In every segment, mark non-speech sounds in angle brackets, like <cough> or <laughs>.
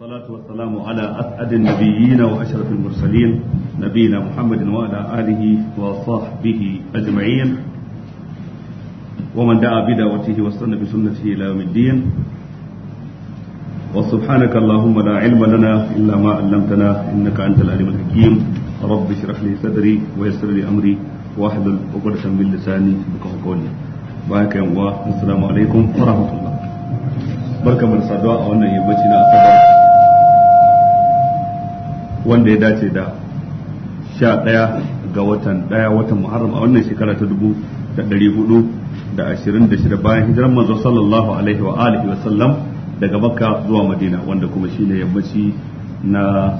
والصلاة والسلام على أسعد النبيين وأشرف المرسلين نبينا محمد وعلى آله وصحبه أجمعين ومن دعا بدعوته واستنى بسنته إلى يوم الدين وسبحانك اللهم لا علم لنا إلا ما علمتنا إنك أنت العليم الحكيم رب اشرح لي صدري ويسر لي أمري واحلل عقدة من لساني يفقهوا قولي بارك الله السلام عليكم ورحمة الله بركة من صدوة أو أن wannan yammaci wanda ya dace da sha ɗaya ga watan ɗaya watan muharram a wannan shekara ta dubu da ɗari hudu da ashirin da shida bayan hijiran manzo sallallahu alaihi wa alihi wa sallam daga makka zuwa madina wanda kuma shine yammaci na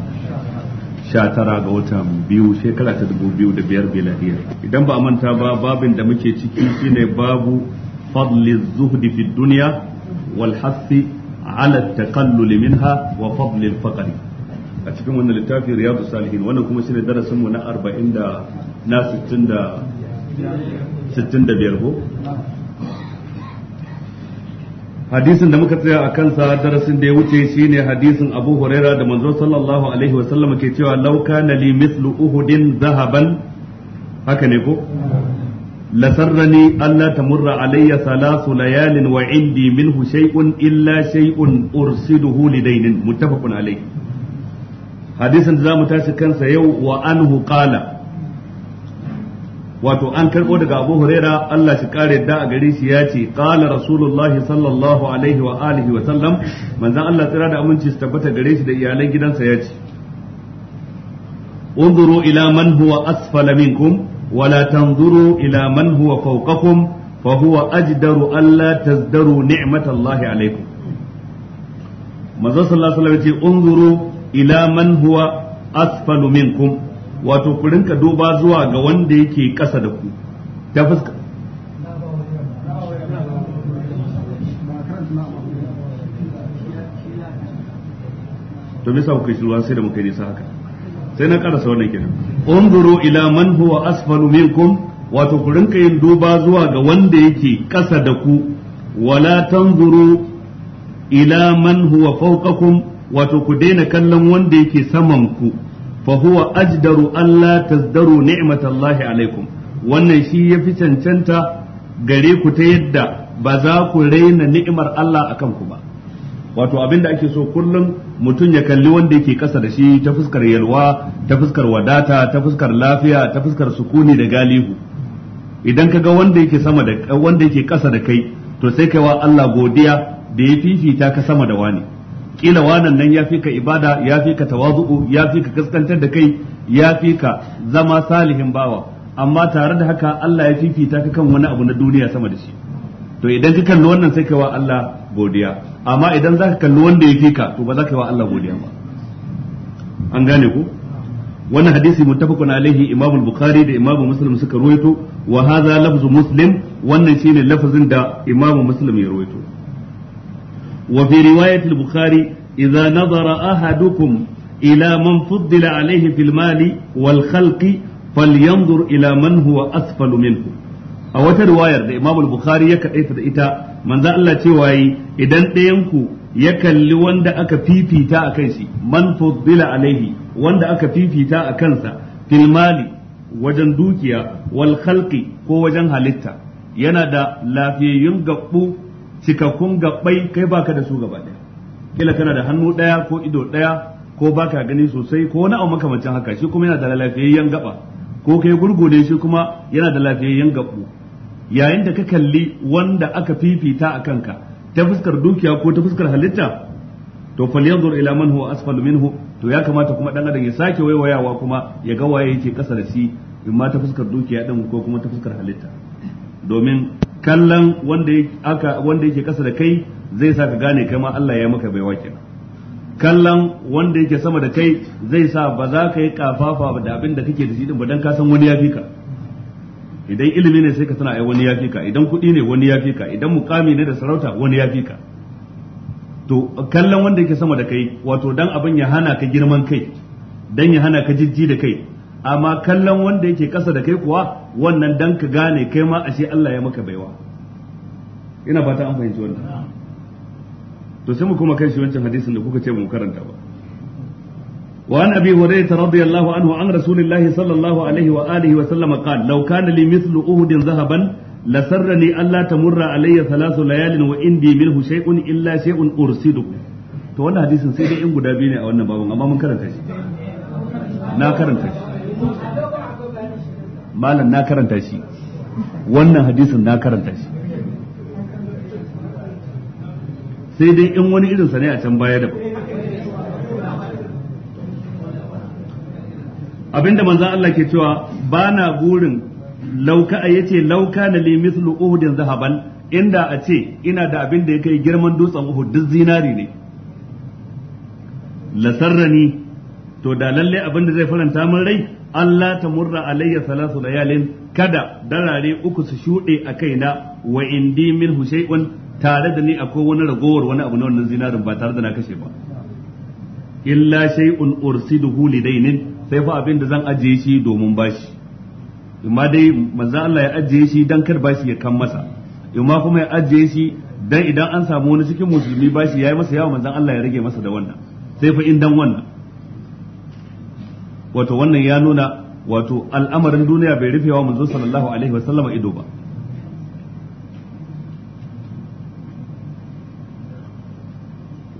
sha tara ga watan biyu shekara ta dubu biyu da biyar biyar. idan ba a manta ba babin da muke ciki shine babu fadli zuhudi fi duniya wal hasi ala takalluli minha wa fadli al a cikin wannan littafin riyadu salihin wannan kuma shine darasin mu na 40 da na 60 da biyar ko hadisin da muka tsaya a kansa darasin da ya wuce shine hadisin Abu Huraira da manzo sallallahu alaihi wa sallam ke cewa law kana li mithlu uhudin zahaban haka ne ko lasarrani alla tamurra alayya salasu layalin wa indi minhu shay'un illa shay'un ursiduhu lidainin muttafaqun alayhi hadisin da zamu tashi kansa yau wa anhu qala wato an karbo daga Abu Huraira Allah shi kare yadda a gare shi ya ce qala rasulullahi sallallahu alaihi wa alihi wa sallam manzon Allah tsira da aminci su tabbata gare shi da iyalan gidansa ya ce انظروا إلى من هو أسفل منكم ولا تنظروا إلى من هو فوقكم فهو أجدر ألا تزدروا نعمة الله عليكم manzon sallallahu alaihi wasallam ce unzuru ila man huwa asfalu minkum wato ku rinka duba zuwa ga wanda yake ƙasa da ku ta fuska to bisa ku kishi ruwa sai da muka nisa haka sai na karasa wannan kenan unzuru ila man huwa asfalu minkum wato ku rinka yin duba zuwa ga wanda yake ƙasa da ku wala tanzuru ila man huwa fawqakum wato ku daina kallon wanda yake saman ku fa huwa ajdaru alla tazdaru ni'matallahi alaikum wannan shi yafi cancanta gare ku ta yadda ba za ku raina ni'imar Allah akan ku ba wato abinda ake so kullum mutum ya kalli wanda yake kasa da shi ta fuskar yalwa ta fuskar wadata ta fuskar lafiya ta fuskar sukuni da galihu idan ka ga wanda yake sama da wanda yake kasa da kai to sai kai wa Allah godiya da ya fifita ka sama da wani kila wanan nan ya fi ka ibada ya fi ka tawazu'u ya fi ka gaskantar da kai ya fi ka zama salihin bawa amma tare da haka Allah ya fifita ka kan wani abu na duniya sama da shi to idan ka kalli wannan sai ka wa Allah godiya amma idan za ka kalli wanda ya fi ka to ba za ka wa Allah godiya ba an gane ku wannan hadisi muttafaqun alaihi imamu bukhari da imamu muslim suka ruwaito wa hadha lafzu muslim wannan shine lafazin da imamu muslim ya ruwaito وفي رواية البخاري إذا نظر أحدكم إلى من فضل عليه في المال والخلق فلينظر إلى من هو أسفل منه a wata riwayar da Imam Bukhari ya kaɗaita da ita manzo Allah cewa yi idan ɗayanku ya kalli wanda aka fifita a kan man fuddila alaihi wanda aka fifita a kansa fil wajen dukiya wal ko wajen halitta yana da lafiyayyun gabbu cikakkun gabbai kai baka da su gaba ɗaya. kila kana da hannu ɗaya ko ido ɗaya ko baka gani sosai ko wani abu makamancin haka shi kuma yana da lafiyayyen gaba ko kai gurgude shi kuma yana da lafiyayyen gabbu yayin da ka kalli wanda aka fifita a kanka ta fuskar dukiya ko ta fuskar halitta to yanzur ila man huwa asfalu minhu to ya kamata kuma dan adam ya sake waiwayawa kuma ya ga waye yake kasa da shi in ma ta fuskar dukiya din ko kuma ta fuskar halitta domin kallon wanda aka wanda yake kasa da kai zai sa ka gane kai ma Allah ya maka baiwa kenan kallon wanda yake sama da kai zai sa ba za ka yi kafafa da abin da kake da shi din ba dan ka san wani ya fi ka idan ilimi ne sai ka sana ai wani ya fi ka idan kuɗi ne wani ya fi ka idan mukami ne da sarauta wani ya fi ka to kallon wanda yake sama da kai wato dan abin ya hana ka girman kai dan ya hana ka jijji da kai amma kallon wanda yake kasa da kai kuwa wannan dan ka gane kai ma ashe Allah ya maka baiwa ina fata an fahimci wannan to sai mu kuma kai shi wancan hadisin da kuka ce mu karanta ba وعن ابي هريره رضي الله عنه عن رسول الله صلى الله عليه واله وسلم قال لو كان لي مثل احد ذهبا لسرني الا تمر علي ثلاث ليال وعندي منه شيء illa شيء ursidu. to wannan hadisin sai dai in guda biyu ne a wannan babin amma mun karanta shi na karanta shi malam na karanta shi wannan hadisin na karanta shi sai dai in wani irinsa ne a can baya da abinda manzan Allah ke cewa ba na burin lauka a yace lauka na limis uhudin zahaban inda a ce ina da abin da ya kai girman dutsen uhud duk zinari ne lasarrani to da lalle abin da zai faranta min rai Allah ta murra alayya salasu layalin kada darare uku su shuɗe a kaina wa indi min tare da ni akwai wani ragowar wani abu na wannan zinarin ba tare da na kashe ba illa shay'un ursiduhu lidainin sai fa abin da zan ajiye shi domin bashi imma dai manzo Allah ya ajiye shi dan kar bashi ya kan masa imma kuma ya ajiye shi dan idan an samu wani cikin musulmi bashi yayi masa yawa manzon Allah ya rage masa da wannan sai fa in dan wannan wato wannan ya nuna wato al'amarin duniya bai rufe wa manzo sallallahu alaihi wa sallama ido ba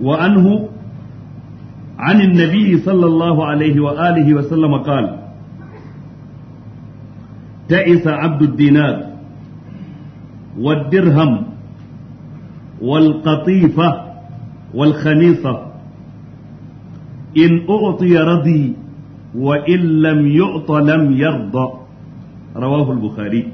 wa anhu عن النبي صلى الله عليه وآله وسلم قال تعس عبد الدينار والدرهم والقطيفة والخميصة إن أعطي رضي وإن لم يعط لم يرضى رواه البخاري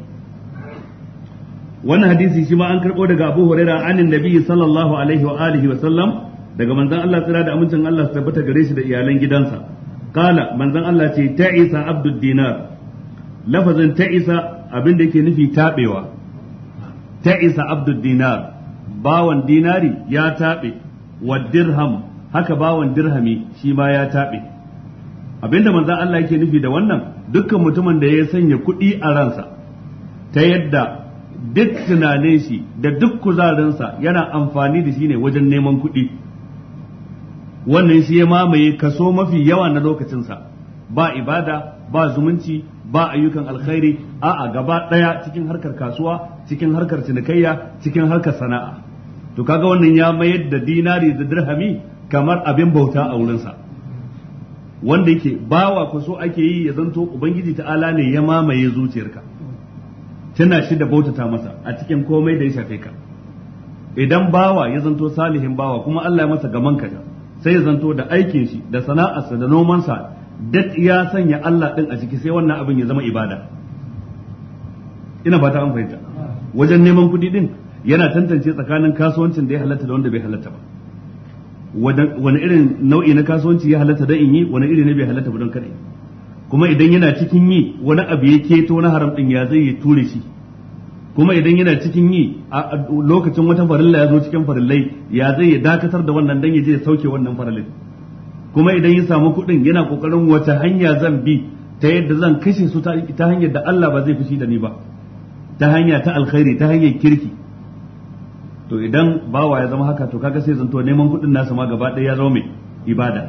hadisi shima an karɓo daga Abu Huraira anin Nabi sallallahu alaihi wa wa sallam daga manzon Allah tsira da amincin Allah su tabbata gare shi da iyalan gidansa kala manzon Allah ce ta'isa abdud dinar lafazin ta'isa abin da yake nufi tabewa ta'isa abdud dinar bawan dinari ya tabe wa dirham haka bawan dirhami shi ma ya tabe abinda manzo Allah yake nufi da wannan dukkan mutumin da ya sanya kuɗi a ransa ta yadda duk tunanin shi da duk kuzarinsa yana amfani da shi ne wajen neman kuɗi wannan shi ya mamaye kaso mafi yawa na lokacinsa ba ibada ba zumunci ba ayyukan alkhairi a'a gaba ɗaya cikin harkar kasuwa cikin harkar cinikayya cikin harkar sana'a to kaga wannan ya mayar da dinari da dirhami kamar abin bauta a wurinsa wanda yake bawa ku so ake yi ya zanto ubangiji ala ne ya mamaye zuciyarka tana shi da bautata masa a cikin komai da ya shafe ka idan bawa ya zanto salihin bawa kuma Allah ya masa gaman ka sai ya zanto da aikin shi da sana'arsa da nomansa duk ya sanya Allah din a ciki sai wannan abin ya zama ibada ina fata an fahimta wajen neman kuɗi din yana tantance tsakanin kasuwancin da ya halatta da wanda bai halatta ba wani irin nau'i na kasuwanci ya halatta dan in yi wani iri ne bai halatta ba don kada kuma idan yana cikin yi wani abu ya keto na haram din ya zai yi ture shi kuma idan yana cikin yi a lokacin wata farilla ya zo cikin farillai ya zai ya dakatar da wannan dan ya je ya sauke wannan farillai kuma idan ya samu kuɗin yana kokarin wata hanya zan bi ta yadda zan kashe su ta hanyar da Allah ba zai fushi da ni ba ta hanya ta alkhairi ta hanyar kirki to idan bawa ya zama haka to kaga sai zanto neman kuɗin nasa ma gaba ɗaya ya zama mai ibada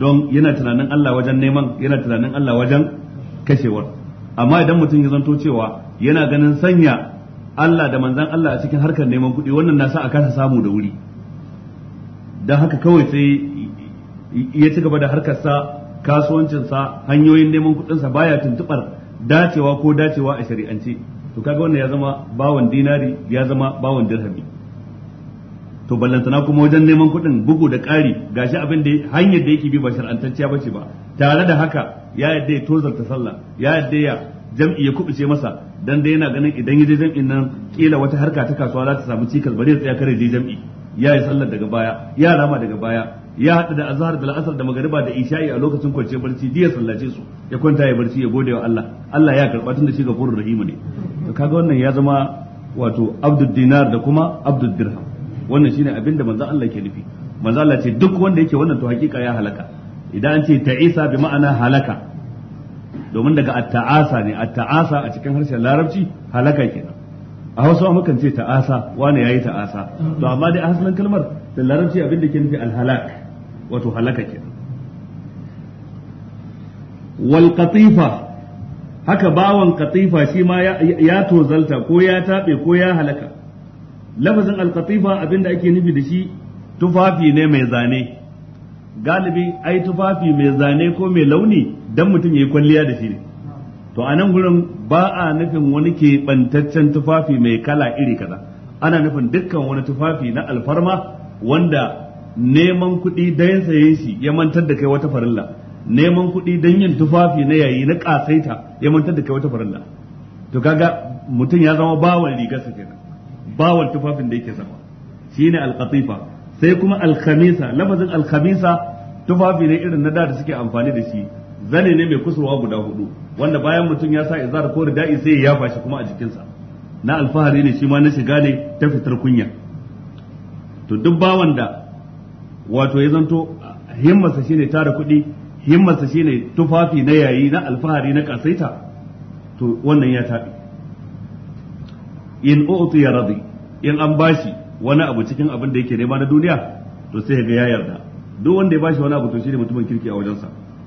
don yana tunanin Allah wajen neman yana tunanin Allah wajen kashewar amma idan mutum ya zanto cewa yana ganin sanya Allah da manzan Allah a cikin harkar neman kuɗi wannan nasa a kasa samu da wuri don haka kawai sai ya ci gaba da harkarsa kasuwancinsa hanyoyin neman kuɗinsa baya tuntuɓar dacewa ko dacewa a shari'ance to kaga wannan ya zama bawan dinari ya zama bawan dirhami to ballantana kuma wajen neman kuɗin bugu da ƙari shi abin da hanyar da yake bi ba shar'antacciya bace ba tare da haka ya yadda ya tozarta sallah ya yadda ya jam'i ya kubuce masa dan da yana ganin idan yaje jam'in nan kila wata harka ta kasuwa za ta samu cikas bare ya tsaya kare je jam'i ya yi sallar daga baya ya rama daga baya ya haɗu da azhar da la'asar da magariba da isha'i a lokacin kwanciyar barci diya sallace su ya kwanta ya barci ya gode wa Allah Allah ya karɓa tun da shi gafurur rahimu ne to kaga wannan ya zama wato abdud dinar da kuma abdud dirham wannan shine abinda manzon Allah ke nufi manzon Allah ce duk wanda yake wannan to hakika ya halaka idan an ce ta'isa bi ma'ana halaka domin daga at-ta'asa ne at-ta'asa a cikin harshen larabci halaka kenan a hausa mukan ce ta'asa wani yi ta'asa to amma dai a hasalin kalmar da larabci abinda da ke nufi al-halak wato halaka ke wal qatifa haka bawan qatifa shi ma ya tozalta ko ya tabe ko ya halaka lafazin al qatifa abinda ake nufi da shi tufafi ne mai zane galibi ai tufafi mai zane ko mai launi dan mutum ya yi kwalliya da shi ne to a nan gurin ba a nufin wani keɓantaccen tufafi mai kala iri kaza ana nufin dukkan wani tufafi na alfarma wanda neman kuɗi don sayen shi ya mantar da kai wata farilla neman kuɗi don yin tufafi na yayi na ƙasaita ya mantar da kai wata farilla to kaga mutum ya zama bawan rigarsa kenan bawan tufafin da yake sama shine alqatifa sai kuma alkhamisa lafazin alkhamisa tufafi ne irin na da da suke amfani da shi zane ne mai kusurwa guda hudu wanda bayan mutum ya sa izar ko da'i sai ya yafa shi kuma a jikinsa na alfahari ne shi ma na shiga ne ta fitar kunya to duk bawan da wato ya zanto himmarsa shine tara kuɗi himmarsa shine tufafi na yayi na alfahari na kasaita to wannan ya taɓi in u'ti ya radi in an bashi wani abu cikin abin da yake nema na duniya to sai ga ya yarda duk wanda ya bashi wani abu to shine mutumin kirki a wajensa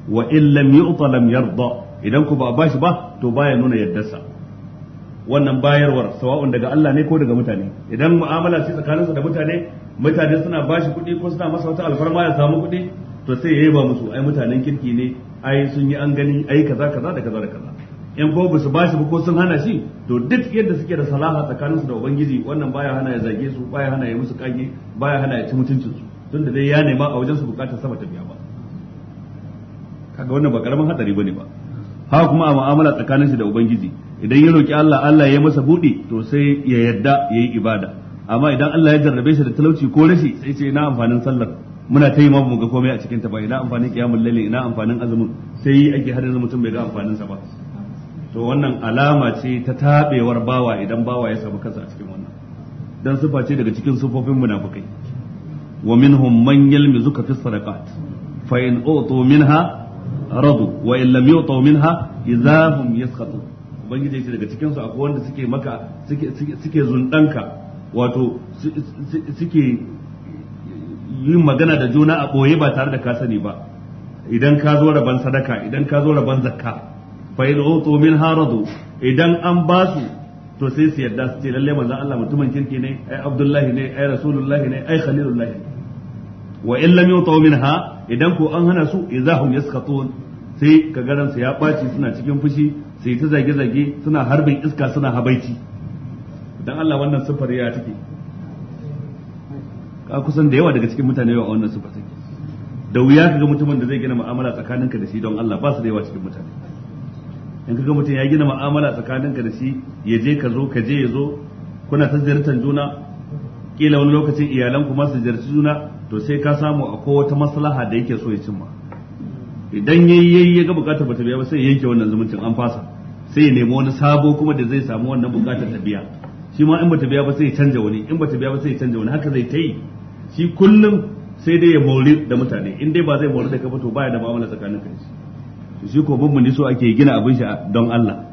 wa in lam yu'ta lam yarda idan ku ba a bashi ba to baya nuna yardarsa wannan bayarwar sawa'un daga Allah ne ko daga mutane idan mu'amala ce tsakaninsa da mutane mutane suna bashi kuɗi ko suna masa wata alfarma ya samu kuɗi to sai ya yaba musu ai mutanen kirki ne ai sun yi an gani ai kaza kaza da kaza da kaza in ko su bashi ko sun hana shi to duk yadda suke da salaha tsakaninsu da ubangiji wannan baya hana ya zage su baya hana ya musu kage baya hana ya ci mutuncin su tunda dai ya nema a wajen su bukatar sama ta biya ba kaga wannan ba karamin hatsari bane ba Ha kuma a mu'amala tsakanin shi da ubangiji idan ya roki Allah Allah ya masa buɗe to sai ya yadda yi ibada amma idan Allah ya jarrabe shi da talauci ko rashi sai ce ina amfanin sallar muna ta yi mu ga komai a cikin ta ba ina amfanin kiyamul laili ina amfanin azumin sai yi ake har yanzu mutum bai ga amfanin sa ba to wannan alama ce ta tabewar bawa idan bawa ya samu kansa a cikin wannan dan sufa ce daga cikin sufofin munafikai wa minhum man yalmizuka fi sadaqat fa in utu minha radu wa in lam yutu minha idza hum yaskhatun ubangiji yake daga cikin su akwai wanda suke maka suke suke zundanka wato suke yin magana da juna a boye ba tare da ka sani ba idan ka zo rabon sadaka idan ka zo rabon zakka fa in utu min haradu idan an ba su to sai su yadda su ce lalle manzon Allah mutumin kirki ne ai abdullahi ne ai rasulullahi ne ai khalilullahi wa in lam yutu minha idan ko an hana su idahum yaskatun sai ka garan su ya baci suna cikin fushi sai ta zage-zage suna harbin iska suna habaici Don Allah wannan siffar ya take ka kusan da yawa daga cikin mutane yawa a wannan siffar take da wuya kaga mutumin da zai gina mu'amala tsakaninka da shi don Allah ba su da yawa cikin mutane in kaga mutum ya gina mu'amala tsakaninka da shi ya je ka zo ka je ya zo kuna ta ziyartar juna kila wani lokacin iyalanku ma su ziyarci juna to sai ka samu akwai wata maslaha da yake so ya cimma idan yayi yayi ya ga bukatar ta biya ba sai ya yanke wannan zumuncin an fasa sai ya nemi wani sabo kuma da zai samu wannan bukatar ta biya shi ma in bata biya ba sai ya canja wani in bata biya ba sai ya canja wani haka zai ta yi shi kullum sai dai ya mauri da mutane in dai ba zai mauri da ka ba to baya da mu'amala tsakanin kai shi shi ko bin so ake gina abin shi don Allah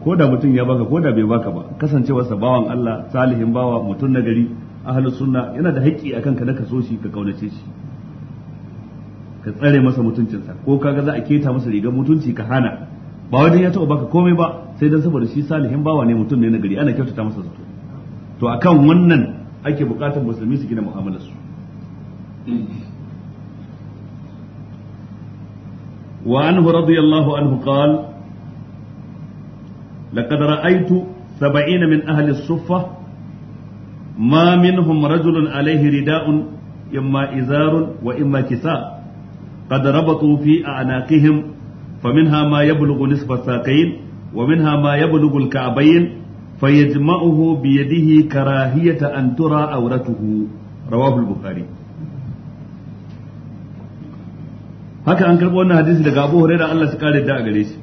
ko da mutum ya baka ko da bai baka ba kasancewar sa bawan Allah salihin bawa mutum nagari ahlus sunna yana da haƙƙi akan ka na ka so shi ka kaunace shi ka tsare masa mutuncinsa ko kaga za a keta masa rigar mutunci ka hana ba wajen ya taɓa baka komai ba sai dan saboda shi salihin bawa ne mutum ne na gari ana kyautata masa zato to akan wannan ake bukatar musulmi su gina mu'amalar su wa anhu radiyallahu anhu qala لقد رأيت سبعين min أهل الصفة ما منهم رجل عليه رداء إما إزار وإما كساء قد ربطوا في أعناقهم فمنها ما يبلغ نصف الساقين ومنها ما يبلغ الكعبين فيجمعه بيده كراهية أن ترى عورته رواه البخاري haka an karɓo wannan hadisi daga Abu Hurairah Allah ya kare da a gare shi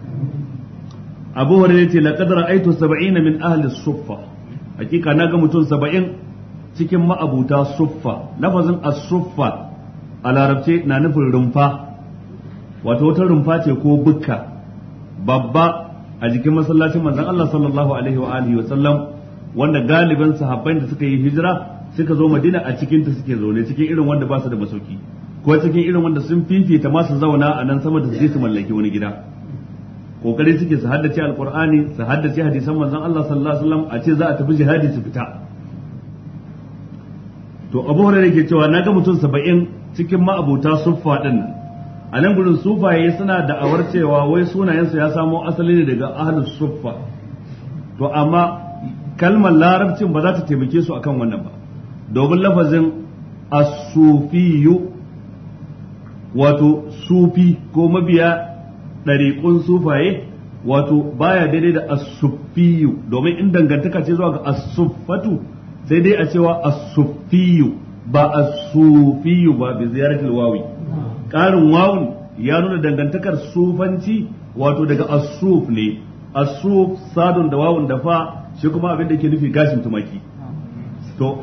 Abu Hurairah ce laqad ra'aytu 70 min ahli suffa hakika na ga mutum 70 cikin ma'abuta suffa lafazin as-suffa a larabce na nufin rumfa wato wata rumfa ce ko bukka babba a jikin masallacin manzon Allah sallallahu alaihi wa alihi wa sallam wanda galiban sahabban da suka yi hijira suka zo Madina a cikin ta suke zaune cikin irin wanda ba su da masauki ko cikin irin wanda sun fifita ma su zauna a nan sama da su su mallaki wani gida kokari suke su haddace alqur'ani su haddace hadisan manzon Allah sallallahu alaihi wasallam a ce za a tafi jihadi su fita to abu hurairah ke cewa na ga mutum saba'in cikin ma'abuta suffa din nan a nan gurin sufaye suna da'awar cewa wai sunayensu ya samo asali ne daga ahlus suffa to amma kalmar larabcin ba za ta taimake su akan wannan ba domin lafazin as-sufiyu wato sufi ko mabiya ɗariƙun sufaye wato baya daidai da as-sufiyu domin in dangantaka ce zuwa ga as-suffatu sai dai a cewa as ba as-suffiyu ba bi ziyaratil wawi karin wawun ya nuna dangantakar sufanci wato daga as-suf ne as-suf sadun da wawun da fa shi kuma abin da ke nufi gashin tumaki to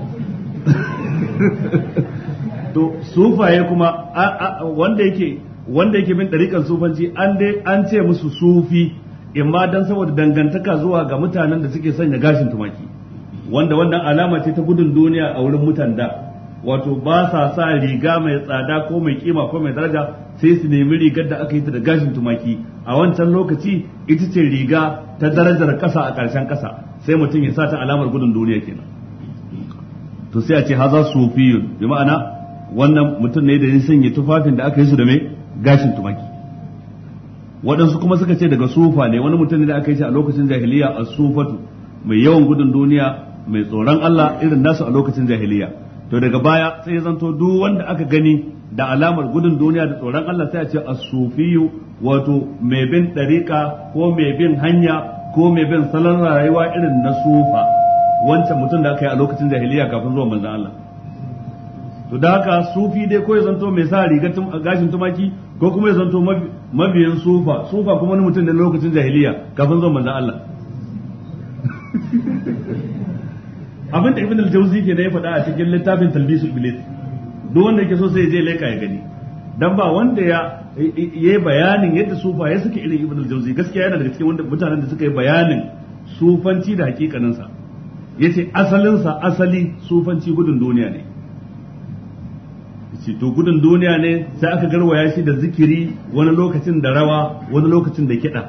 <laughs> to sufaye kuma wanda yake wanda yake bin dariƙar sufanci an dai an ce musu sufi imma dan saboda dangantaka zuwa ga mutanen da suke sanya gashin tumaki wanda wannan alama ce ta gudun duniya a wurin mutanda wato ba sa sa riga mai tsada ko mai kima ko mai daraja sai su nemi rigar da aka yi ta da gashin tumaki a wancan lokaci ita ce riga ta darajar kasa a ƙarshen kasa sai mutum ya sa ta alamar gudun duniya kenan to sai a ce haza sufiyun bi ma'ana wannan mutum ne da ya sanya tufafin da aka yi su da mai gashin tumaki waɗansu kuma suka ce daga sufa ne wani mutum ne da aka yi shi a lokacin jahiliya a sufatu mai yawan gudun duniya mai tsoron Allah irin nasu a lokacin jahiliya to daga baya sai ya zanto duk wanda aka gani da alamar gudun duniya da tsoron Allah sai a ce as-sufiyu wato mai bin dariƙa ko mai bin hanya ko mai bin salon rayuwa irin na sufa wancan mutum da aka yi a lokacin jahiliya kafin zuwa manzon Allah to da haka sufi dai ko ya zanto mai sa rigar gashin tumaki ko kuma ya zanto mabiyan sufa sufa kuma wani mutum ne lokacin jahiliya kafin zuwa manzon Allah <laughs> abinda ibn al-jawzi ke da ya faɗa a cikin littafin talbisul iblis duk wanda yake so sai je leka ya gani dan ba wanda ya yayi bayanin yadda sufa ya suke irin ibn al-jawzi gaskiya yana daga cikin wanda mutanen da suka yi bayanin sufanci da hakikanin sa yace asalin sa asali sufanci gudun duniya ne yace to gudun duniya ne sai aka garwaya shi da zikiri wani lokacin da rawa wani lokacin da kiɗa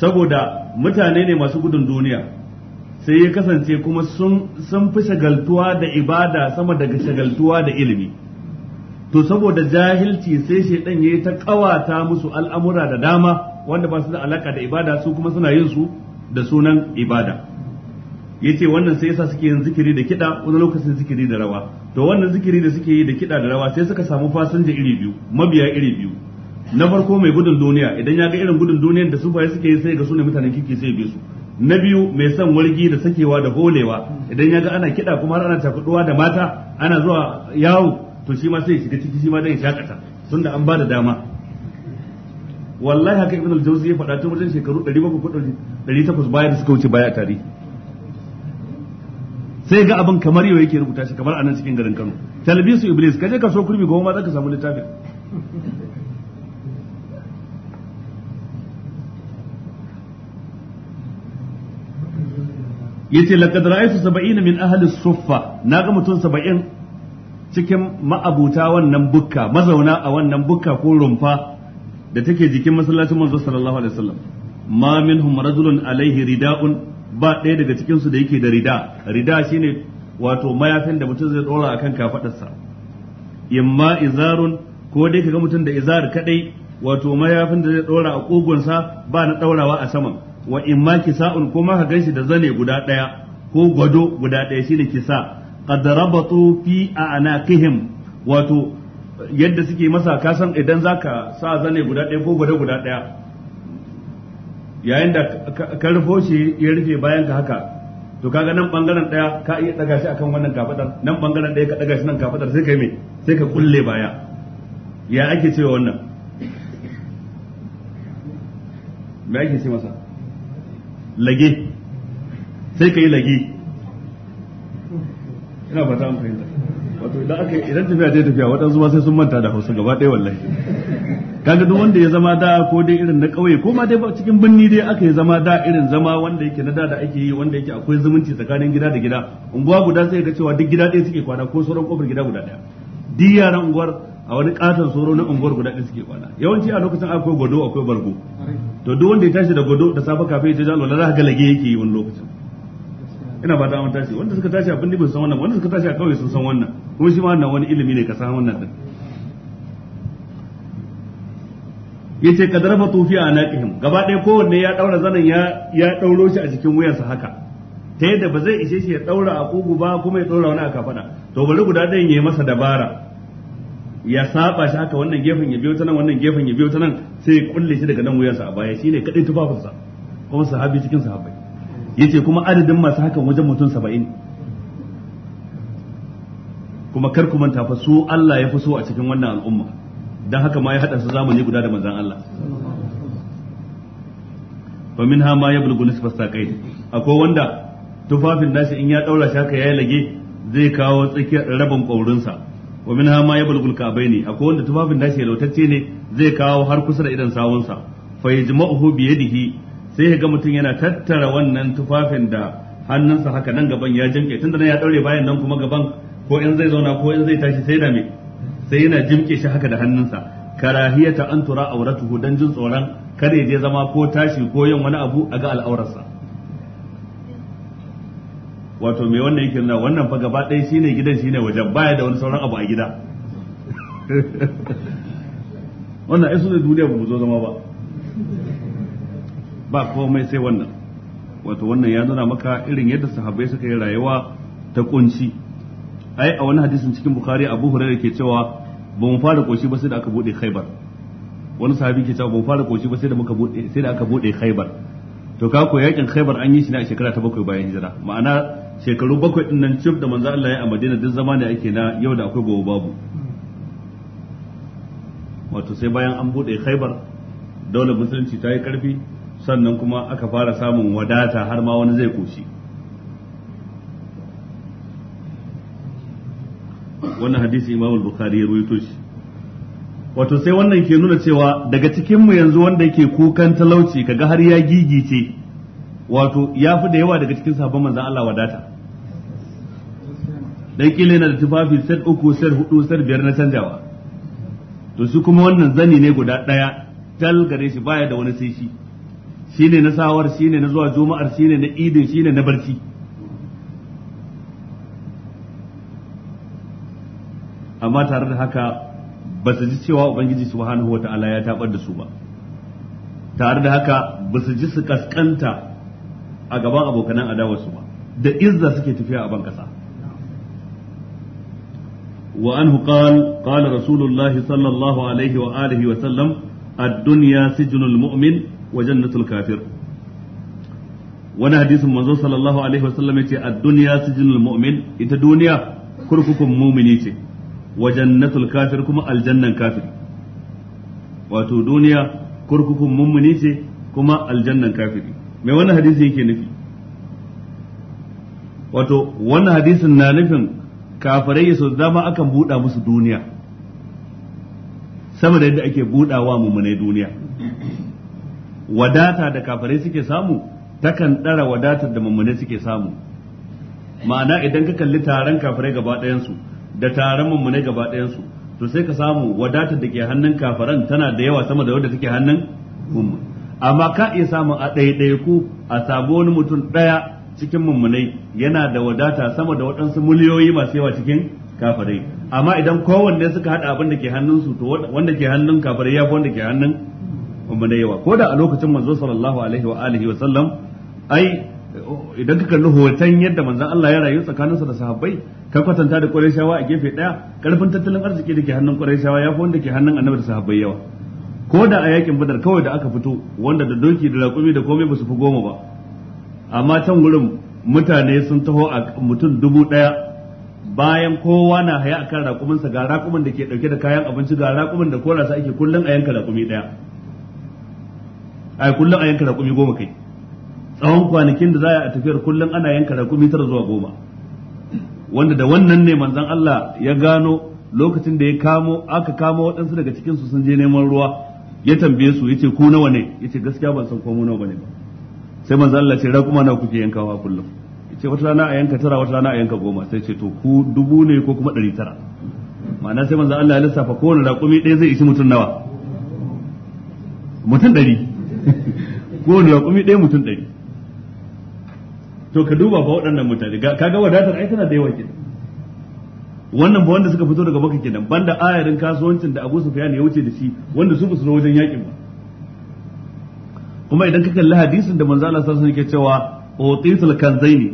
saboda mutane ne masu gudun duniya sai ya kasance kuma sun fi shagaltuwa da ibada sama daga shagaltuwa da ilimi to saboda jahilci sai shaidan yi ta kawata musu al'amura da dama wanda ba su da alaka da ibada su kuma suna yin su da sunan ibada Ya ce wannan sai yasa suke yin zikiri da kiɗa wani lokacin zikiri da rawa to wannan zikiri da suke yi da kiɗa da rawa sai suka samu fasinja iri biyu mabiya iri biyu na farko mai gudun duniya idan ya ga irin gudun duniyar da sufaye suke yi sai ga su ne mutanen kiki sai bi su na biyu mai son wargi da sakewa da holewa idan ya ga ana kiɗa kuma har ana takuduwa da mata ana zuwa yawo to shi ma sai shiga ciki shi ma dan shakata da an ba da dama wallahi haka ibn al-jawzi ya faɗa tun wajen shekaru 1700 bayan baya da suka wuce baya tare sai ga abin kamar yau yake rubuta shi kamar anan cikin garin Kano talbisu iblis kaje ka so kurbi goma za zaka samu littafin yace laqad ra'aytu 70 min ahli suffa ga mutum 70 cikin ma'abuta wannan bukka mazauna a wannan bukka ko rumfa da take jikin masallacin manzo sallallahu alaihi wasallam ma minhum rajulun alaihi rida'un ba ɗaya daga cikin su da yake da rida rida shine wato mayafin da mutum zai dora akan kafadarsa imma izarun ko dai kaga mutum da izar kadai wato mayafin da zai dora a kogonsa ba na daurawa a saman wa in imma kisa'un kuma ka ganshi da zane guda daya ko gwado guda daya shine kisa qad rabatu fi anaqihim wato yadda suke masa ka san idan zaka sa zane guda daya ko gwado guda daya. yayin da ka rufo shi ya rufe bayan ka haka to kaga nan bangaren daya ka iya daga shi akan wannan kafadar nan bangaren daya ka daga shi nan kafadar sai kai me sai ka kulle baya ya ake cewa wannan me ake ce masa lage sai ka yi lage ina ba an fahimta wato idan aka idan tafiya ta tafiya waɗansu ba sai sun manta da hausa gaba ɗaya wallahi kaga duk wanda ya zama da ko dai irin na ƙauye ko ma dai ba cikin birni dai aka yi zama da irin zama wanda yake na da da ake yi wanda yake akwai zumunci tsakanin gida da gida unguwa guda sai ka cewa duk gida ɗaya suke kwana ko sauran kofar gida guda ɗaya duk yaran unguwar a wani katon soro na unguwar guda ɗin suke kwana yawanci a lokacin akwai godo akwai bargo to duk wanda ya tashi da godo da safe kafin ya je jalo lalaha galage yake yi wani lokacin ina ba ta tashi wanda suka tashi abin da san wannan wanda suka tashi a kawai sun san wannan kuma shi ma wannan wani ilimi ne ka san wannan din yace kadarfa tufi a naqihim gaba ɗaya kowanne ya daura zanan ya ya dauro shi a cikin wuyansa haka ta yadda ba zai ishe shi ya daura a kugu ba kuma ya daura wani a kafada to bari guda ɗayan yayi masa dabara ya saba shi haka wannan gefen ya biyo ta nan wannan gefen ya biyo ta nan sai ya kulle shi daga nan wuyansa a baya shine kadai tufafinsa kuma sahabi cikin sahabbai yace kuma adadin masu hakan wajen mutum 70 kuma kar ku manta fa su Allah ya fi so a cikin wannan al'umma dan haka ma ya hada su zamani guda da manzon Allah fa minha ma yablughu nisfa saqai akwai wanda tufafin nashi in ya daura shi haka yayi lage zai kawo tsakiyar rabin kaurinsa wa min ha ma yablugul kabaini akwai wanda tufafin nashi lautacce ne zai kawo har kusa da idan sawunsa fa yajma'uhu bi yadihi sai ga mutum yana tattara wannan tufafin da hannunsa haka nan gaban ya jinke tunda nan ya daure bayan nan kuma gaban ko in zai zauna ko in zai tashi sai da me sai yana jimke shi haka da hannunsa karahiyata an tura auratuhu dan jin tsoron kar ya je zama ko tashi ko yin wani abu a ga al'aurarsa wato mai wannan yake nuna wannan fa gaba ɗaya shine gidan shine wajen baya da wani sauran abu a gida <laughs> wannan ai sunan duniya ba mu zo zama ba ba komai sai wannan wato wannan ya nuna maka irin yadda sahabbai suka yi rayuwa ta kunci ai a wani hadisin cikin bukhari abu hurairah ke cewa ba mu fara koshi ba sai da aka bude khaibar wani sahabi ke cewa ba mu fara koshi ba sai da muka bude sai da aka bude khaibar to ka ko yakin khaybar an yi shi ne a shekara ta bakwai bayan hijira ma'ana shekaru bakwai din nan cif da manzo Allah ya a Madina duk zama da ake na yau da akwai gobe babu wato sai bayan an bude khaybar dole musulunci ta yi karfi sannan kuma aka fara samun wadata har ma wani zai koshi wannan hadisi Imam Bukhari ya ruwaito shi wato sai wannan ke nuna cewa daga cikin mu yanzu wanda yake kukan talauci kaga har ya gigice wato ya fi da yawa daga cikin sabon manzan Allah wadata dan kila yana da tufafi sai uku sai hudu sai biyar na canjawa to su kuma wannan zani ne guda daya tal gare shi baya da wani sai shi shine na sawar shine na zuwa juma'ar shine na idin shine na barci amma tare da haka ba su ji cewa ubangiji subhanahu ta'ala ya tabar da su ba tare da haka ba su ji su kaskanta a gaban abokanan su ba da izza suke tafiya a ban kasa wa anhu qal qala rasulullah sallallahu alaihi wa alihi wa sallam ad-dunya sijnul mu'min wa jannatul kafir wani hadisin manzo sallallahu alaihi wa sallam yace ad-dunya sijnul mu'min ita duniya kurkukun mumini ce wajen nasul kafir kuma aljannan kafiri wato duniya kurkukun mummuni ce kuma aljannan kafiri mai wannan hadisi yake nufi wato wannan hadisin na nufin kafirai sau zama akan buɗa musu duniya sama da yadda ake buɗa wa mummunai duniya wadata da kafirai suke samu takan ɗara wadatar da mummunai suke samu ma'ana idan ka kalli taron kafirai gaba ɗayansu da taron ne gaba ɗayan su to sai ka samu wadatar da ke hannun kafaran tana da yawa sama da wadda take hannun mummun amma ka iya samun a ɗaiɗaiku a samu wani mutum ɗaya cikin mummunai yana da wadata sama da waɗansu miliyoyi masu yawa cikin kafirai amma idan kowanne suka haɗa abin da ke hannunsu to wanda ke hannun kafirai ya fi wanda ke hannun mummunai yawa ko da a lokacin manzo sallallahu alaihi wa alihi wa sallam ai idan ka kalli hoton yadda manzon Allah ya rayu tsakaninsa da sahabbai ka kwatanta da shawa a gefe daya karfin tattalin arziki da ke hannun Qurayshawa fi wanda ke hannun Annabi da sahabbai yawa ko da a yakin Badar kawai da aka fito wanda da doki da raƙumi da komai basu fi goma ba amma can wurin mutane sun taho a mutum dubu daya bayan kowa na haya akan raƙuminsa ga raƙumin da ke ɗauke da kayan abinci ga raƙumin da korasa ake kullum a yanka raƙumi ɗaya ai kullum a yanka raƙumi goma kai tsawon kwanakin da za a tafiyar kullum ana yanka rakumi tara zuwa goma wanda da wannan ne manzan Allah ya gano lokacin da ya kamo aka kamo waɗansu daga cikinsu sun je neman ruwa ya tambaye su ce ku nawa ne ya ce gaskiya ban san ko nawa bane ba sai manzan Allah ce rakuma nawa kuke yankawa kullum yace wata rana a yanka tara wata rana a yanka goma sai ce to ku dubu ne ko kuma ɗari tara ma'ana sai manzan Allah ya lissafa kowane rakumi ɗaya zai ishi mutum nawa mutum ɗari <laughs> kowane rakumi ɗaya mutum ɗari to ka duba fa waɗannan mutane kaga wadatar ai tana da yawa kenan wannan ba wanda suka fito daga baka kenan banda ayarin kasuwancin da Abu Sufyan ya wuce da shi wanda su ba su wajen yakin ba kuma idan ka kalli hadisin da manzo Allah sallallahu alaihi wasallam yake cewa utisul kanzaini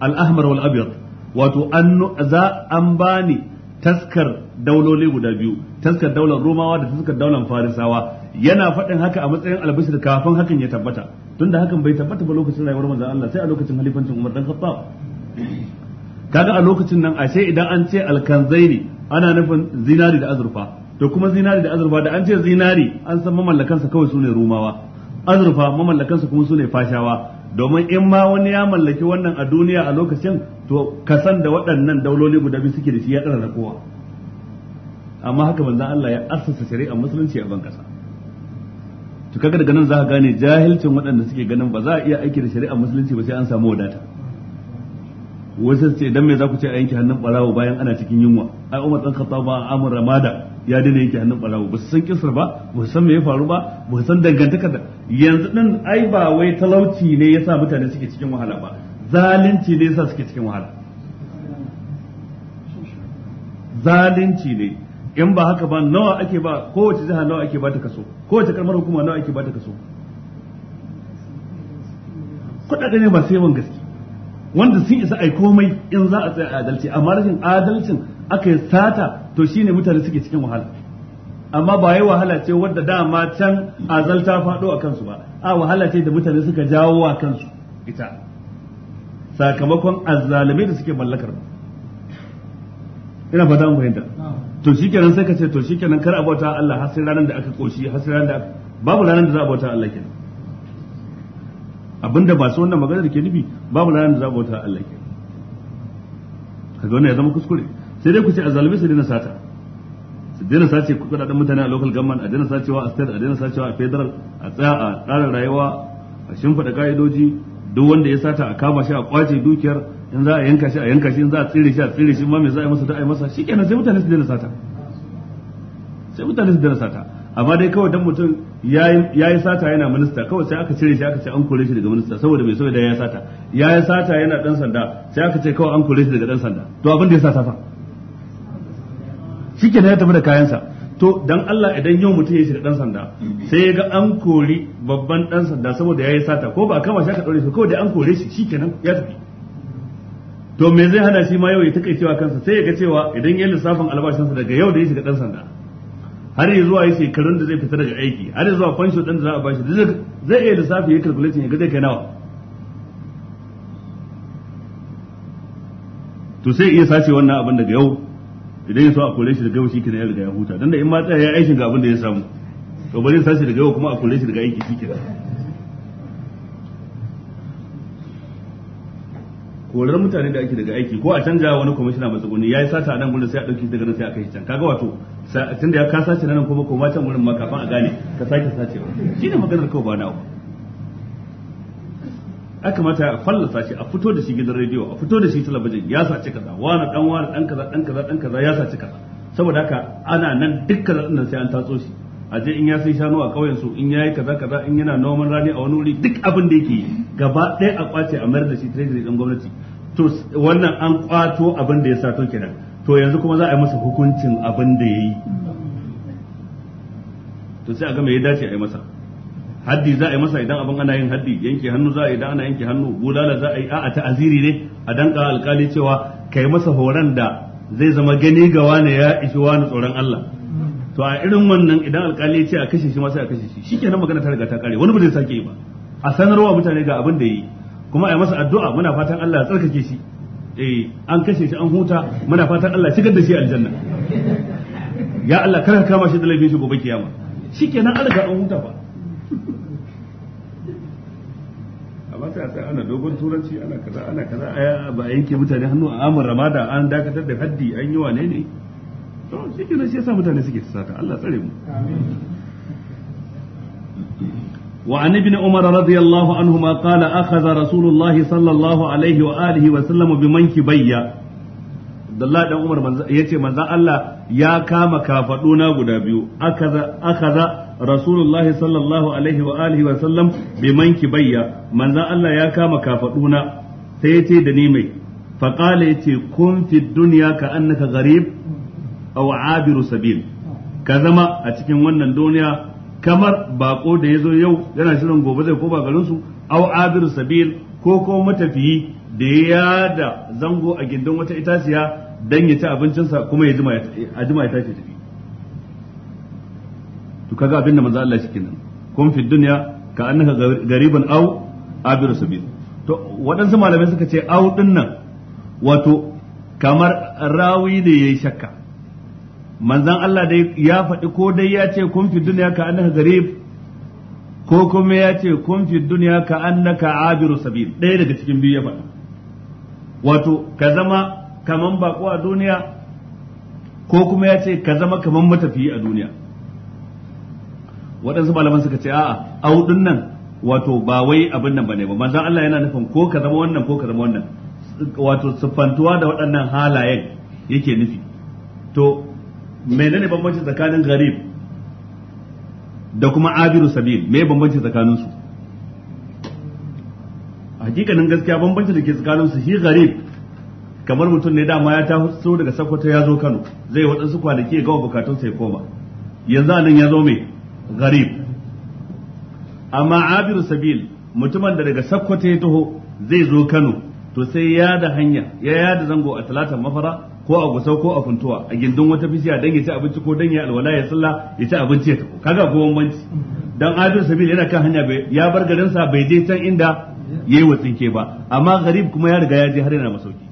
al-ahmar wal abyad wato an za an bani taskar dauloli guda biyu taskar daular romawa da taskar daular farisawa yana faɗin haka a matsayin albishir kafin hakan ya tabbata tunda hakan bai tabbata ba lokacin rayuwar manzon Allah sai a lokacin halifancin Umar dan Khattab kaga a lokacin nan ashe idan an ce alkanzaini ana nufin zinari da azurfa to kuma zinari da azurfa da an ce zinari an san mamallakansa kawai sune rumawa azurfa mamallakansa kuma sune fashawa domin in ma wani ya mallaki wannan a duniya a lokacin to ka san da waɗannan dauloli guda biyu suke da shi ya ɗara kowa amma haka manzon Allah ya assasa shari'a musulunci a ban kasa to kaga daga nan za ka gane jahilcin waɗanda suke ganin ba za a iya aiki da shari'a musulunci ba sai an samu wadata wasu ce dan me za ku ce a yanke hannun barawo bayan ana cikin yunwa ai Umar dan Khattab ba Amr Ramada ya daina yanke hannun barawo ba su san kisar ba ba su san me ya faru ba ba su san dangantaka da yanzu din ai ba wai talauci ne yasa mutane suke cikin wahala ba zalunci ne yasa suke cikin wahala zalunci ne in ba haka ba nawa ake ba kowace jiha nawa ake ba ta kaso kowace karmar hukuma nawa ake bata kaso kuɗaɗe ne masu yawan gaske wanda sun isa ai komai in za a tsaya adalci amma rashin adalcin aka yi sata to shine mutane suke cikin wahala amma ba yi wahala ce wadda dama can azalta fado a kansu ba a wahala ce da mutane suka jawo a kansu ita sakamakon azzalumai da suke mallakar ina fata mu fahimta to shikenan sai ka ce to shikenan kar a bauta Allah har sai ranar da aka koshi har sai ranar da babu ranar da za a bauta Allah kenan abinda ba su wannan maganar ke nufi babu ranar da za a bauta Allah kenan kaga wannan ya zama kuskure sai dai ku ce azalmi su dina sata su dina sace kudaden mutane a local government a dina sacewa a state a dina sacewa a federal a tsaya a tsara rayuwa a shimfiɗa ka'idoji duk wanda ya sata a kama shi a kwace dukiyar in za a yanka shi a yanka shi in za a tsire shi a tsire shi ma me za a yi masa da a yi masa shikenan sai mutane su daina sata sai mutane su daina sata amma dai kawai dan mutum ya yi sata yana minista kawai sai aka cire shi aka ce an kore shi daga minista saboda mai saboda ya sata ya yi sata yana dan sanda sai aka ce kawai an kore shi daga dan sanda to abin da ya sata fa shikenan ya tafi da kayansa to dan Allah idan yau mutum ya shiga dan sanda sai ya ga an kori babban dan sanda saboda ya yi sata ko ba kama shi aka daure shi kawai dai an kore shi shikenan ya tafi to me zai hana shi ma yau ya cewa kansa sai ya ga cewa idan ya lissafin albashinsa daga yau da ya shiga dan sanda har ya zuwa ya shekarun da zai fita daga aiki har ya zuwa fansho din da za a bashi zai iya lissafi ya kalkulaci ya ga zai kai nawa to sai iya sace wannan abin daga yau idan ya so a kore shi daga yau shikenan ya riga ya huta dan da in ma tsaya ya aikin ga abin da ya samu to bari sace daga yau kuma a kore shi daga aiki shikenan korar mutane da ake daga aiki ko a canja wani kwamishina matsuguni ya yi sata a nan gudun sai a ɗauki daga nan sai a yi can kaga wato tun da ya ka sace nan kuma koma can gudun ma kafin a gane ka sake sacewa shi ne maganar kawai ba nawa a kamata a fallasa shi a fito da shi gidan rediyo a fito da shi talabijin ya sace kaza wani dan wani dan kaza dan kaza dan kaza ya sace kaza saboda haka ana nan dukkan nan sai an tatso shi a je in ya sai shanu a kauyen su in yayi kaza kaza in yana noman rani a wani wuri duk abin da yake gaba ɗaya a kwace a mayar da shi treasury din gwamnati to wannan an kwato abin da ya sato kenan to yanzu kuma za a yi masa hukuncin abin da yayi to sai a ga me ya dace a yi masa haddi za a yi masa idan abin ana yin haddi yanke hannu za a yi idan ana yanke hannu bulala za a yi a'a ta'aziri ne a danka alkali cewa kai masa horon da zai zama gani ga wani ya ishi wani tsoron Allah to a irin wannan idan alkali ya ce a kashe shi ma sai a kashe shi shikenan magana ta riga ta kare wani ba zai sake yi ba a sanarwa mutane ga abin da yi kuma a yi masa addu'a muna fatan Allah ya tsarkake shi eh an kashe shi an huta muna fatan Allah shigar da shi aljanna ya Allah kar ka kama shi da laifin shi gobe kiyama shikenan an riga an huta ba. amma sai a sai ana dogon turanci ana kaza ana kaza ba a yanke mutane hannu a amin ramada an dakatar da haddi an yi wane ne to shi kenan shi yasa mutane suke sata Allah tsare mu وعن ابن عمر رضي الله عنهما قال أخذ رسول الله صلى الله عليه وآله وسلم بمنكبي Abdullahi dan Umar ya ce manzan Allah ya kama kafaduna guda biyu akaza Rasulullahi sallallahu alaihi wa alihi wa bi manki bayya manzan Allah ya kama kafaduna sai ya ce da ni mai faqala yace kun fi ka annaka gharib aw abiru sabil ka zama a cikin wannan duniya kamar bako da ya zo yau yana shirin gobe zai koba garin su aw abiru sabil ko ko matafiyi da ya da zango a gindin wata itaciya dan ya ci abincinsa kuma ya jima ya tashi tafi to kaga abin da manzo Allah shi kenan kun fi dunya ka annaka gariban aw abiru sabil to waɗansu malamai suka ce aw din nan wato kamar rawi da yayi shakka manzan Allah dai ya faɗi ko dai ya ce kun fi duniya ka annaka garib ko kuma ya ce kun fi duniya ka annaka abiru sabil ɗaya daga cikin biyu ya faɗa wato ka zama kaman bako a duniya ko kuma ya ce ka zama kaman matafiyi a duniya waɗansu malaman suka ce a'a audun nan wato ba wai abin nan bane ba Manzan Allah yana nufin ko ka zama wannan ko ka zama wannan wato siffantuwa da waɗannan halayen yake nufi to menene bambanci tsakanin gharib da kuma abiru sabil me bambanci tsakanin su hakikanin gaskiya bambanci da ke tsakanin su shi gharib kamar mutum ne dama ya ta so daga Sokoto ya zo Kano zai waɗansu kwanaki ya gawa bukatun sai koma yanzu anan ya zo mai gharib amma abiru sabil mutumin da daga Sokoto ya taho zai zo Kano to sai ya da hanya ya yada zango a talatin mafara ko a gusau ko a funtuwa a gindin wata bishiya dan ya ci abinci ko dan ya alwala ya sallah ya ci abinci ya tafi kaga ko bambanci dan adil sabil yana kan hanya bai ya bar garin sa bai je can inda yayi watsinke ba amma garib kuma ya riga ya je har yana masauki